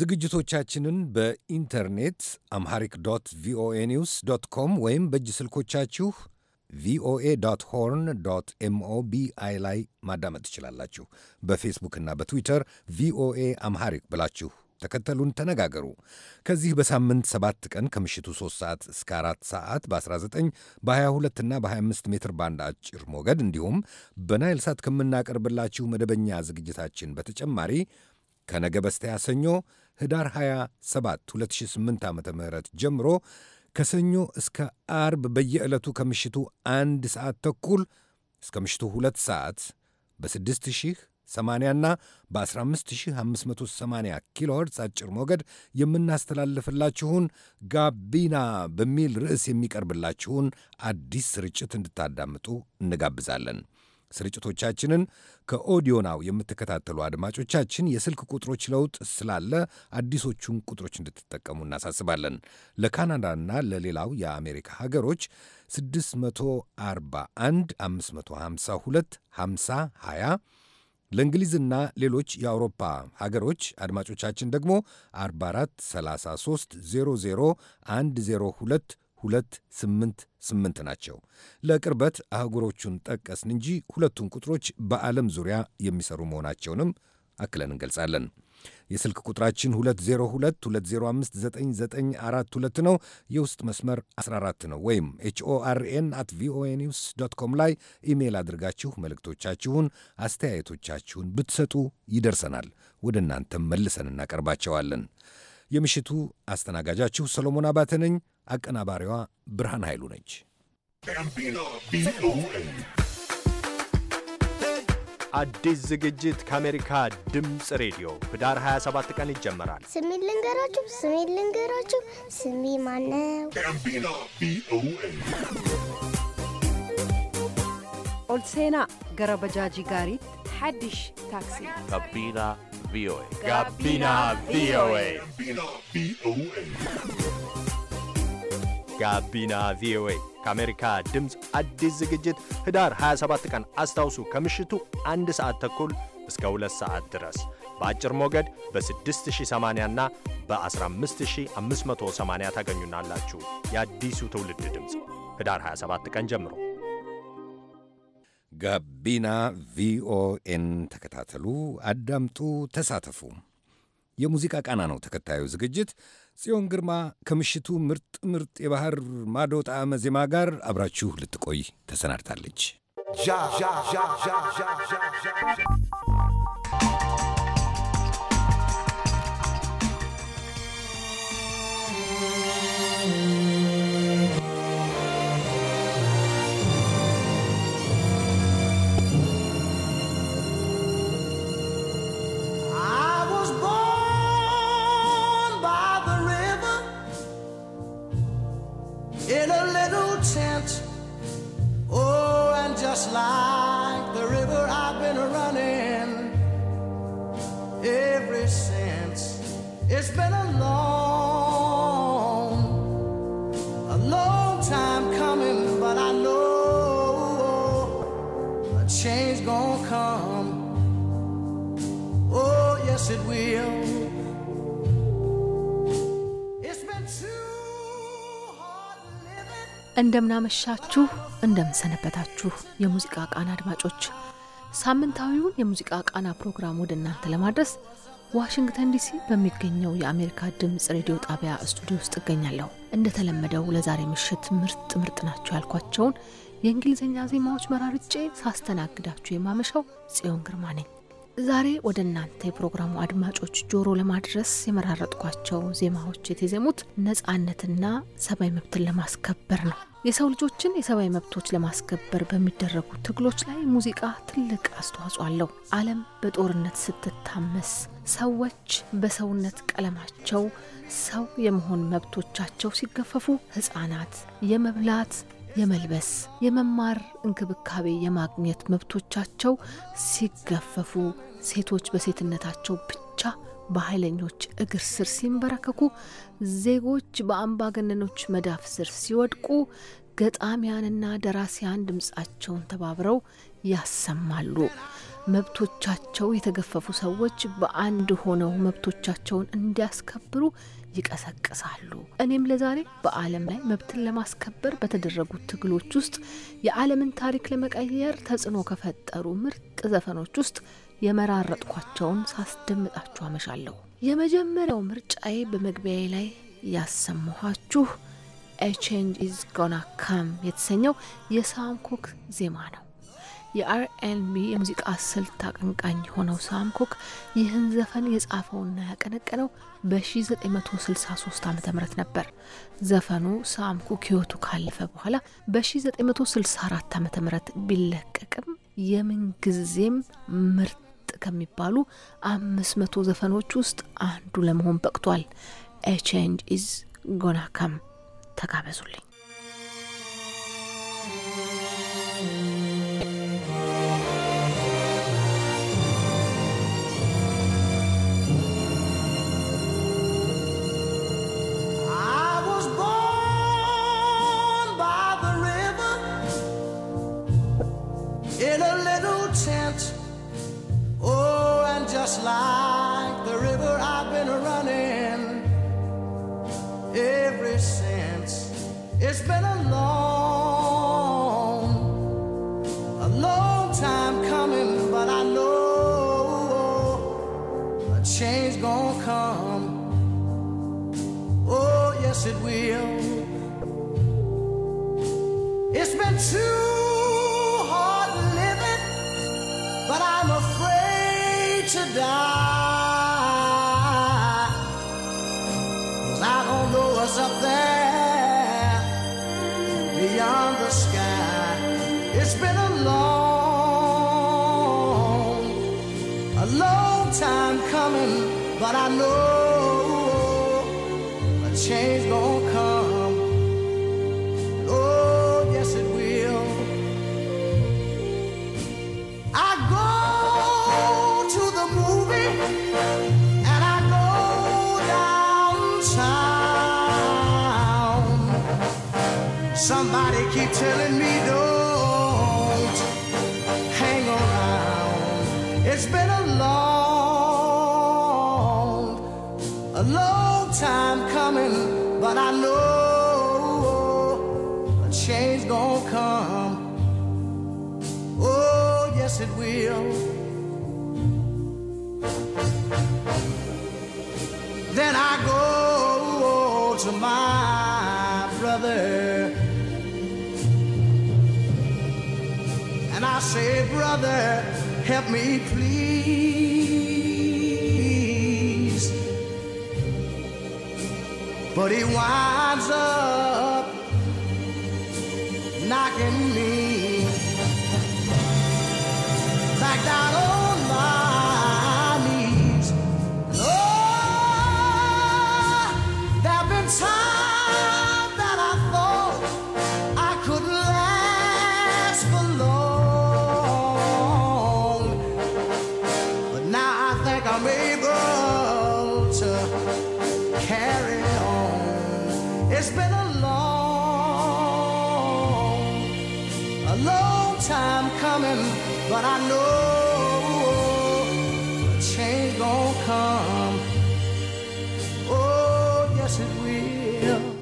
ዝግጅቶቻችንን በኢንተርኔት አምሃሪክ ዶት ቪኦኤ ኒውስ ዶት ኮም ወይም በእጅ ስልኮቻችሁ ቪኦኤ ዶት ሆርን ዶት ኤምኦቢአይ ላይ ማዳመጥ ትችላላችሁ። በፌስቡክና በትዊተር ቪኦኤ አምሃሪክ ብላችሁ ተከተሉን፣ ተነጋገሩ። ከዚህ በሳምንት 7 ቀን ከምሽቱ 3 ሰዓት እስከ 4 ሰዓት በ19 በ22 እና በ25 ሜትር ባንድ አጭር ሞገድ እንዲሁም በናይል ሳት ከምናቀርብላችሁ መደበኛ ዝግጅታችን በተጨማሪ ከነገ በስቲያ ሰኞ ህዳር 27 2008 ዓ ም ጀምሮ ከሰኞ እስከ አርብ በየዕለቱ ከምሽቱ አንድ ሰዓት ተኩል እስከ ምሽቱ 2 ሰዓት በ6080 እና በ15580 ኪሎ ሄርዝ አጭር ሞገድ የምናስተላልፍላችሁን ጋቢና በሚል ርዕስ የሚቀርብላችሁን አዲስ ስርጭት እንድታዳምጡ እንጋብዛለን። ስርጭቶቻችንን ከኦዲዮ ናው የምትከታተሉ አድማጮቻችን የስልክ ቁጥሮች ለውጥ ስላለ አዲሶቹን ቁጥሮች እንድትጠቀሙ እናሳስባለን። ለካናዳና ለሌላው የአሜሪካ ሀገሮች 641 552 50 20 ለእንግሊዝና ሌሎች የአውሮፓ ሀገሮች አድማጮቻችን ደግሞ 44 33 00 102 ስምንት ናቸው። ለቅርበት አህጉሮቹን ጠቀስን እንጂ ሁለቱን ቁጥሮች በዓለም ዙሪያ የሚሰሩ መሆናቸውንም አክለን እንገልጻለን። የስልክ ቁጥራችን 2022059942 ነው። የውስጥ መስመር 14 ነው። ወይም ኤችኦአርኤን አት ቪኦኤ ኒውስ ዶት ኮም ላይ ኢሜይል አድርጋችሁ መልእክቶቻችሁን፣ አስተያየቶቻችሁን ብትሰጡ ይደርሰናል። ወደ እናንተም መልሰን እናቀርባቸዋለን። የምሽቱ አስተናጋጃችሁ ሰሎሞን አባተ ነኝ። አቀናባሪዋ ብርሃን ኃይሉ ነች። አዲስ ዝግጅት ከአሜሪካ ድምፅ ሬዲዮ ህዳር 27 ቀን ይጀመራል። ስሜን ልንገራችሁ፣ ስሜን ልንገራችሁ፣ ስሜ ማነው? ኦልሴና ገረበጃጂ ጋሪት ሓድሽ ታክሲ ጋቢና ቪኦኤ ጋቢና ቪኦኤ ጋቢና ቪኦኤ ከአሜሪካ ድምፅ አዲስ ዝግጅት ህዳር 27 ቀን አስታውሱ። ከምሽቱ አንድ ሰዓት ተኩል እስከ 2 ሰዓት ድረስ በአጭር ሞገድ በ6080 እና በ15580 ታገኙናላችሁ። የአዲሱ ትውልድ ድምፅ ህዳር 27 ቀን ጀምሮ ጋቢና ቪኦኤን ተከታተሉ፣ አዳምጡ፣ ተሳተፉ። የሙዚቃ ቃና ነው ተከታዩ ዝግጅት። ጽዮን ግርማ ከምሽቱ ምርጥ ምርጥ የባህር ማዶ ጣዕመ ዜማ ጋር አብራችሁ ልትቆይ ተሰናድታለች። እንደምናመሻችሁ እንደምንሰነበታችሁ የሙዚቃ ቃና አድማጮች፣ ሳምንታዊውን የሙዚቃ ቃና ፕሮግራም ወደ እናንተ ለማድረስ ዋሽንግተን ዲሲ በሚገኘው የአሜሪካ ድምፅ ሬዲዮ ጣቢያ ስቱዲዮ ውስጥ እገኛለሁ። እንደተለመደው ለዛሬ ምሽት ምርጥ ምርጥ ናቸው ያልኳቸውን የእንግሊዝኛ ዜማዎች መራርጬ ሳስተናግዳችሁ የማመሻው ጽዮን ግርማ ነኝ። ዛሬ ወደ እናንተ የፕሮግራሙ አድማጮች ጆሮ ለማድረስ የመራረጥኳቸው ዜማዎች የተዜሙት ነጻነትና ሰብአዊ መብትን ለማስከበር ነው። የሰው ልጆችን የሰብአዊ መብቶች ለማስከበር በሚደረጉ ትግሎች ላይ ሙዚቃ ትልቅ አስተዋጽኦ አለው። ዓለም በጦርነት ስትታመስ፣ ሰዎች በሰውነት ቀለማቸው ሰው የመሆን መብቶቻቸው ሲገፈፉ፣ ሕፃናት የመብላት የመልበስ፣ የመማር እንክብካቤ የማግኘት መብቶቻቸው ሲገፈፉ ሴቶች በሴትነታቸው ብቻ በኃይለኞች እግር ስር ሲንበረከኩ፣ ዜጎች በአምባገነኖች መዳፍ ስር ሲወድቁ፣ ገጣሚያንና ደራሲያን ድምፃቸውን ተባብረው ያሰማሉ። መብቶቻቸው የተገፈፉ ሰዎች በአንድ ሆነው መብቶቻቸውን እንዲያስከብሩ ይቀሰቅሳሉ። እኔም ለዛሬ በዓለም ላይ መብትን ለማስከበር በተደረጉ ትግሎች ውስጥ የዓለምን ታሪክ ለመቀየር ተጽዕኖ ከፈጠሩ ምርጥ ዘፈኖች ውስጥ የመራረጥኳቸውን ሳስደምጣችሁ አመሻለሁ። የመጀመሪያው ምርጫዬ በመግቢያዬ ላይ ያሰማኋችሁ ኤቼንጅ ኢዝ ጎና ካም የተሰኘው የሳምኮክ ዜማ ነው። የአርኤንቢ የሙዚቃ ስልት አቀንቃኝ የሆነው ሳምኮክ ይህን ዘፈን የጻፈውና ያቀነቀነው በ1963 ዓ ም ነበር። ዘፈኑ ሳምኮክ ሕይወቱ ካለፈ በኋላ በ1964 ዓ ም ቢለቀቅም የምንጊዜም ምርት ከሚባሉ አምስት መቶ ዘፈኖች ውስጥ አንዱ ለመሆን በቅቷል። ኤ ቼንጅ ኢዝ ጎና ካም። ተጋበዙልኝ። just like the river I've been running ever since. It's been a long, a long time coming, but I know a change gonna come. Oh, yes, it will. It's been too hard living, but I'm afraid to die. Cause I don't know what's up there beyond the sky. It's been a long, a long time coming, but I know a change gonna come. telling me don't hang around. It's been a long, a long time coming, but I know a change gonna come. Oh, yes, it will. Then I say, brother, help me please. But he winds up.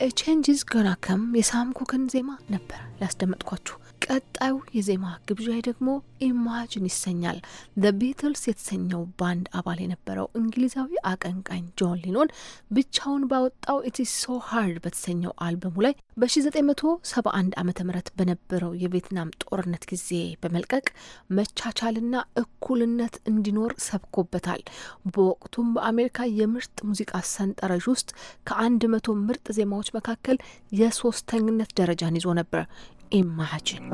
It's ከእንጂዝ ገራከም የሳምኮክን ዜማ ነበር ያስደመጥኳችሁ። ቀጣዩ የዜማ ግብዣይ ደግሞ ኢማጅን ይሰኛል። ዘ ቢትልስ የተሰኘው ባንድ አባል የነበረው እንግሊዛዊ አቀንቃኝ ጆን ሊኖን ብቻውን ባወጣው ኢቲ ሶ ሃርድ በተሰኘው አልበሙ ላይ በ1971 ዓ ም በነበረው የቬትናም ጦርነት ጊዜ በመልቀቅ መቻቻልና እኩልነት እንዲኖር ሰብኮበታል። በወቅቱም በአሜሪካ የምርጥ ሙዚቃ ሰንጠረዥ ውስጥ ከአንድ መቶ ምርጥ ዜማዎች መካከል መካከል የሶስተኝነት ደረጃን ይዞ ነበር። ኢማጂን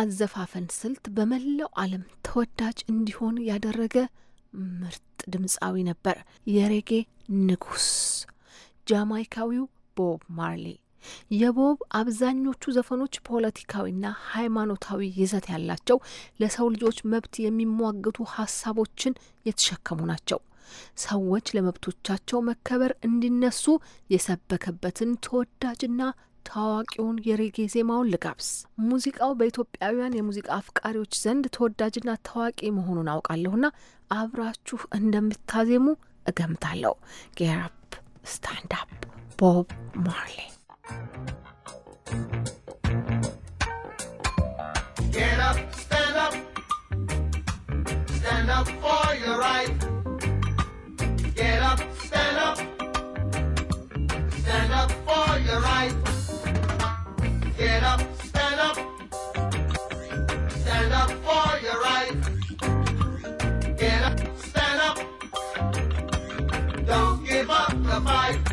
አዘፋፈን ስልት በመላው ዓለም ተወዳጅ እንዲሆን ያደረገ ምርጥ ድምፃዊ ነበር። የሬጌ ንጉስ ጃማይካዊው ቦብ ማርሊ። የቦብ አብዛኞቹ ዘፈኖች ፖለቲካዊና ሃይማኖታዊ ይዘት ያላቸው፣ ለሰው ልጆች መብት የሚሟገቱ ሀሳቦችን የተሸከሙ ናቸው። ሰዎች ለመብቶቻቸው መከበር እንዲነሱ የሰበከበትን ተወዳጅና ታዋቂውን የሬጌ ዜማውን ልጋብስ። ሙዚቃው በኢትዮጵያውያን የሙዚቃ አፍቃሪዎች ዘንድ ተወዳጅና ታዋቂ መሆኑን አውቃለሁና አብራችሁ እንደምታዜሙ እገምታለሁ። ጌራፕ ስታንዳፕ ቦብ ማርሌ Get up, stand up, stand up for your right. Get up, stand up, stand up for your right. Get up, stand up. Stand up for your right. Get up, stand up. Don't give up the fight.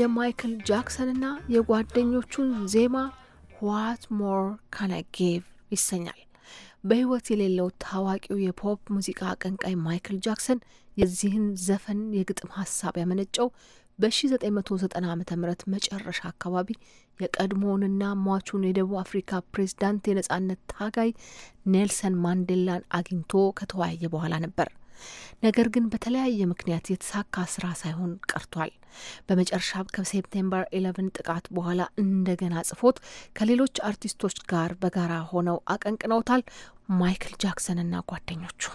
የማይክል ጃክሰንና የጓደኞቹን ዜማ ዋት ሞር ካን አይ ጊቭ ይሰኛል። በህይወት የሌለው ታዋቂው የፖፕ ሙዚቃ አቀንቃይ ማይክል ጃክሰን የዚህን ዘፈን የግጥም ሀሳብ ያመነጨው በ1990 ዓ ም መጨረሻ አካባቢ የቀድሞውንና ሟቹን የደቡብ አፍሪካ ፕሬዝዳንት የነጻነት ታጋይ ኔልሰን ማንዴላን አግኝቶ ከተወያየ በኋላ ነበር። ነገር ግን በተለያየ ምክንያት የተሳካ ስራ ሳይሆን ቀርቷል። በመጨረሻ ከሴፕቴምበር 11 ጥቃት በኋላ እንደገና ጽፎት ከሌሎች አርቲስቶች ጋር በጋራ ሆነው አቀንቅነውታል ማይክል ጃክሰን እና ጓደኞቹ።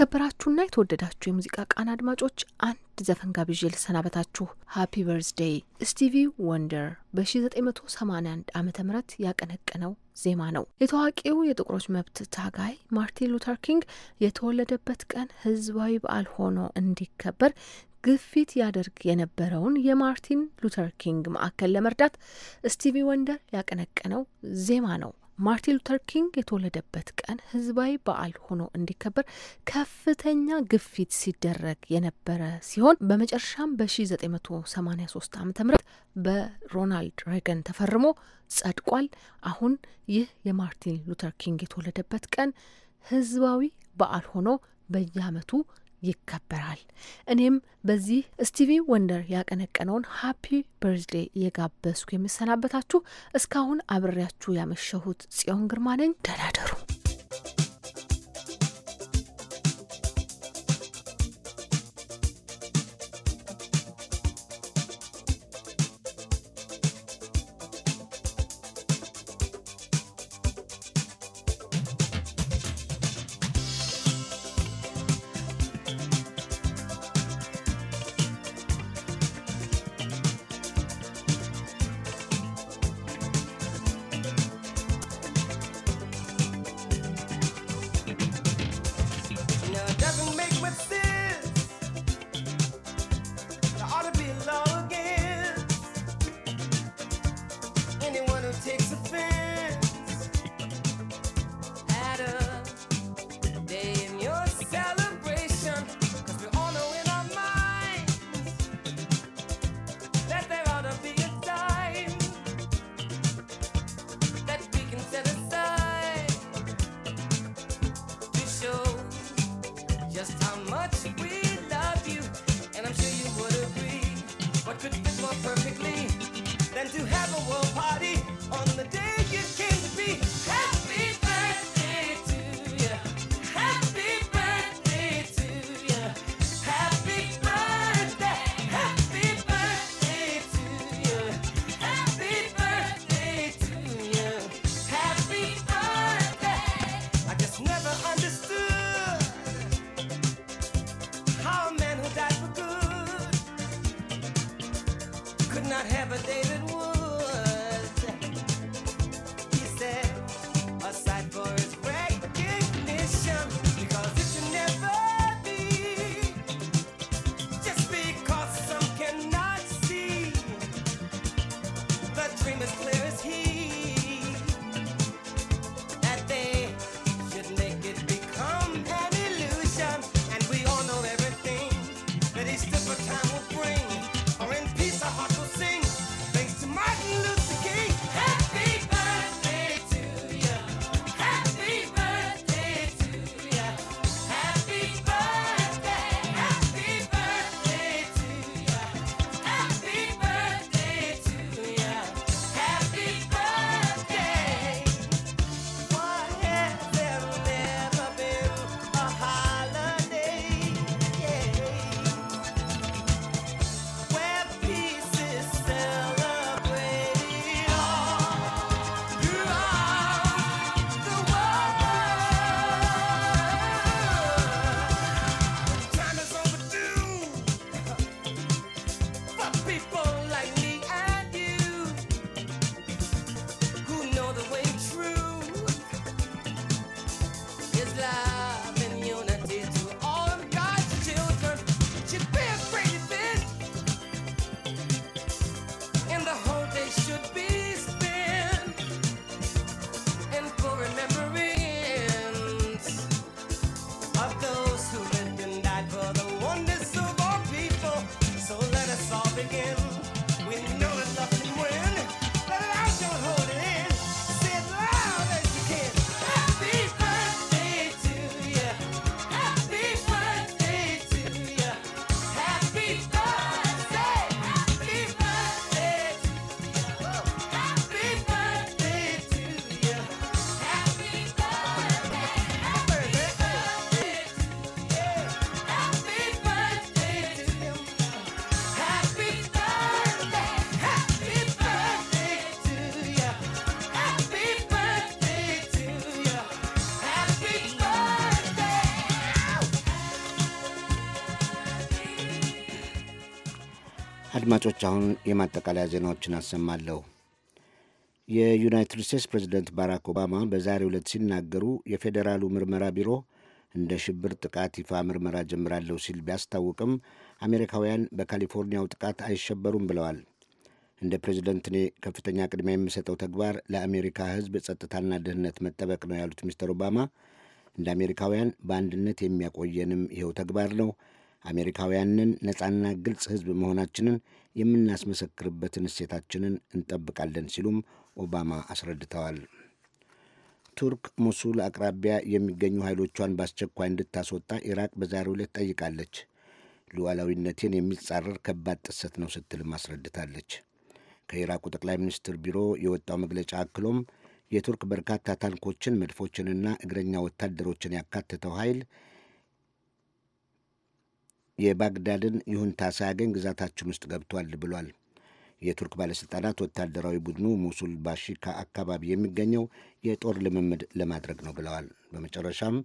የተከበራችሁና የተወደዳችሁ የሙዚቃ ቃና አድማጮች አንድ ዘፈን ጋብዤ ልሰናበታችሁ። ሃፒ በርዝዴይ ስቲቪ ወንደር በ1981 ዓ ም ያቀነቀነው ዜማ ነው። የታዋቂው የጥቁሮች መብት ታጋይ ማርቲን ሉተር ኪንግ የተወለደበት ቀን ህዝባዊ በዓል ሆኖ እንዲከበር ግፊት ያደርግ የነበረውን የማርቲን ሉተር ኪንግ ማዕከል ለመርዳት ስቲቪ ወንደር ያቀነቀነው ዜማ ነው። ማርቲን ሉተር ኪንግ የተወለደበት ቀን ህዝባዊ በዓል ሆኖ እንዲከበር ከፍተኛ ግፊት ሲደረግ የነበረ ሲሆን በመጨረሻም በ1983 ዓ ም በሮናልድ ሬገን ተፈርሞ ጸድቋል። አሁን ይህ የማርቲን ሉተር ኪንግ የተወለደበት ቀን ህዝባዊ በዓል ሆኖ በየአመቱ። ይከበራል። እኔም በዚህ ስቲቪ ወንደር ያቀነቀነውን ሀፒ በርዝዴ እየጋበዝኩ የምሰናበታችሁ እስካሁን አብሬያችሁ ያመሸሁት ጽዮን ግርማ ነኝ። ደህና ደሩ። አድማጮች አሁን የማጠቃለያ ዜናዎችን አሰማለሁ። የዩናይትድ ስቴትስ ፕሬዚደንት ባራክ ኦባማ በዛሬው ዕለት ሲናገሩ የፌዴራሉ ምርመራ ቢሮ እንደ ሽብር ጥቃት ይፋ ምርመራ ጀምራለሁ ሲል ቢያስታውቅም አሜሪካውያን በካሊፎርኒያው ጥቃት አይሸበሩም ብለዋል። እንደ ፕሬዚደንት እኔ ከፍተኛ ቅድሚያ የሚሰጠው ተግባር ለአሜሪካ ሕዝብ ጸጥታና ደህንነት መጠበቅ ነው ያሉት ሚስተር ኦባማ እንደ አሜሪካውያን በአንድነት የሚያቆየንም ይኸው ተግባር ነው። አሜሪካውያንን ነፃና ግልጽ ሕዝብ መሆናችንን የምናስመሰክርበትን እሴታችንን እንጠብቃለን ሲሉም ኦባማ አስረድተዋል። ቱርክ ሞሱል አቅራቢያ የሚገኙ ኃይሎቿን በአስቸኳይ እንድታስወጣ ኢራቅ በዛሬው ዕለት ጠይቃለች። ሉዓላዊነቴን የሚጻረር ከባድ ጥሰት ነው ስትልም አስረድታለች። ከኢራቁ ጠቅላይ ሚኒስትር ቢሮ የወጣው መግለጫ አክሎም የቱርክ በርካታ ታንኮችን፣ መድፎችንና እግረኛ ወታደሮችን ያካተተው ኃይል የባግዳድን ይሁንታ ሳያገኝ ግዛታችን ውስጥ ገብቷል ብሏል። የቱርክ ባለሥልጣናት ወታደራዊ ቡድኑ ሙሱል ባሺካ አካባቢ የሚገኘው የጦር ልምምድ ለማድረግ ነው ብለዋል። በመጨረሻም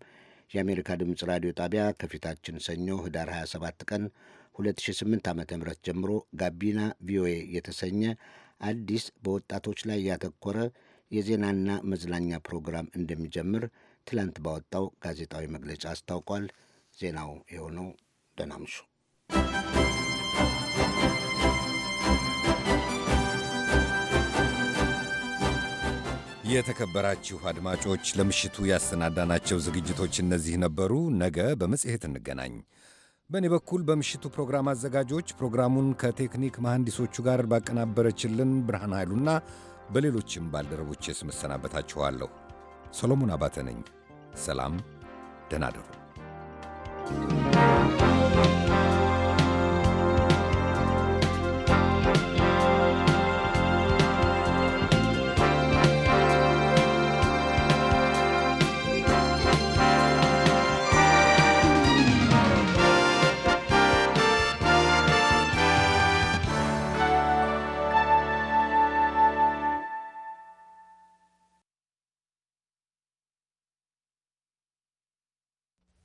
የአሜሪካ ድምፅ ራዲዮ ጣቢያ ከፊታችን ሰኞ ህዳር 27 ቀን 2008 ዓ ም ጀምሮ ጋቢና ቪኦኤ የተሰኘ አዲስ በወጣቶች ላይ ያተኮረ የዜናና መዝናኛ ፕሮግራም እንደሚጀምር ትላንት ባወጣው ጋዜጣዊ መግለጫ አስታውቋል። ዜናው የሆነው ደህና ምሹ። የተከበራችሁ አድማጮች ለምሽቱ ያሰናዳናቸው ዝግጅቶች እነዚህ ነበሩ። ነገ በመጽሔት እንገናኝ። በእኔ በኩል በምሽቱ ፕሮግራም አዘጋጆች ፕሮግራሙን ከቴክኒክ መሐንዲሶቹ ጋር ባቀናበረችልን ብርሃን ኃይሉና በሌሎችም ባልደረቦች የስመሰናበታችኋለሁ። ሰሎሞን አባተ ነኝ። ሰላም፣ ደህና you.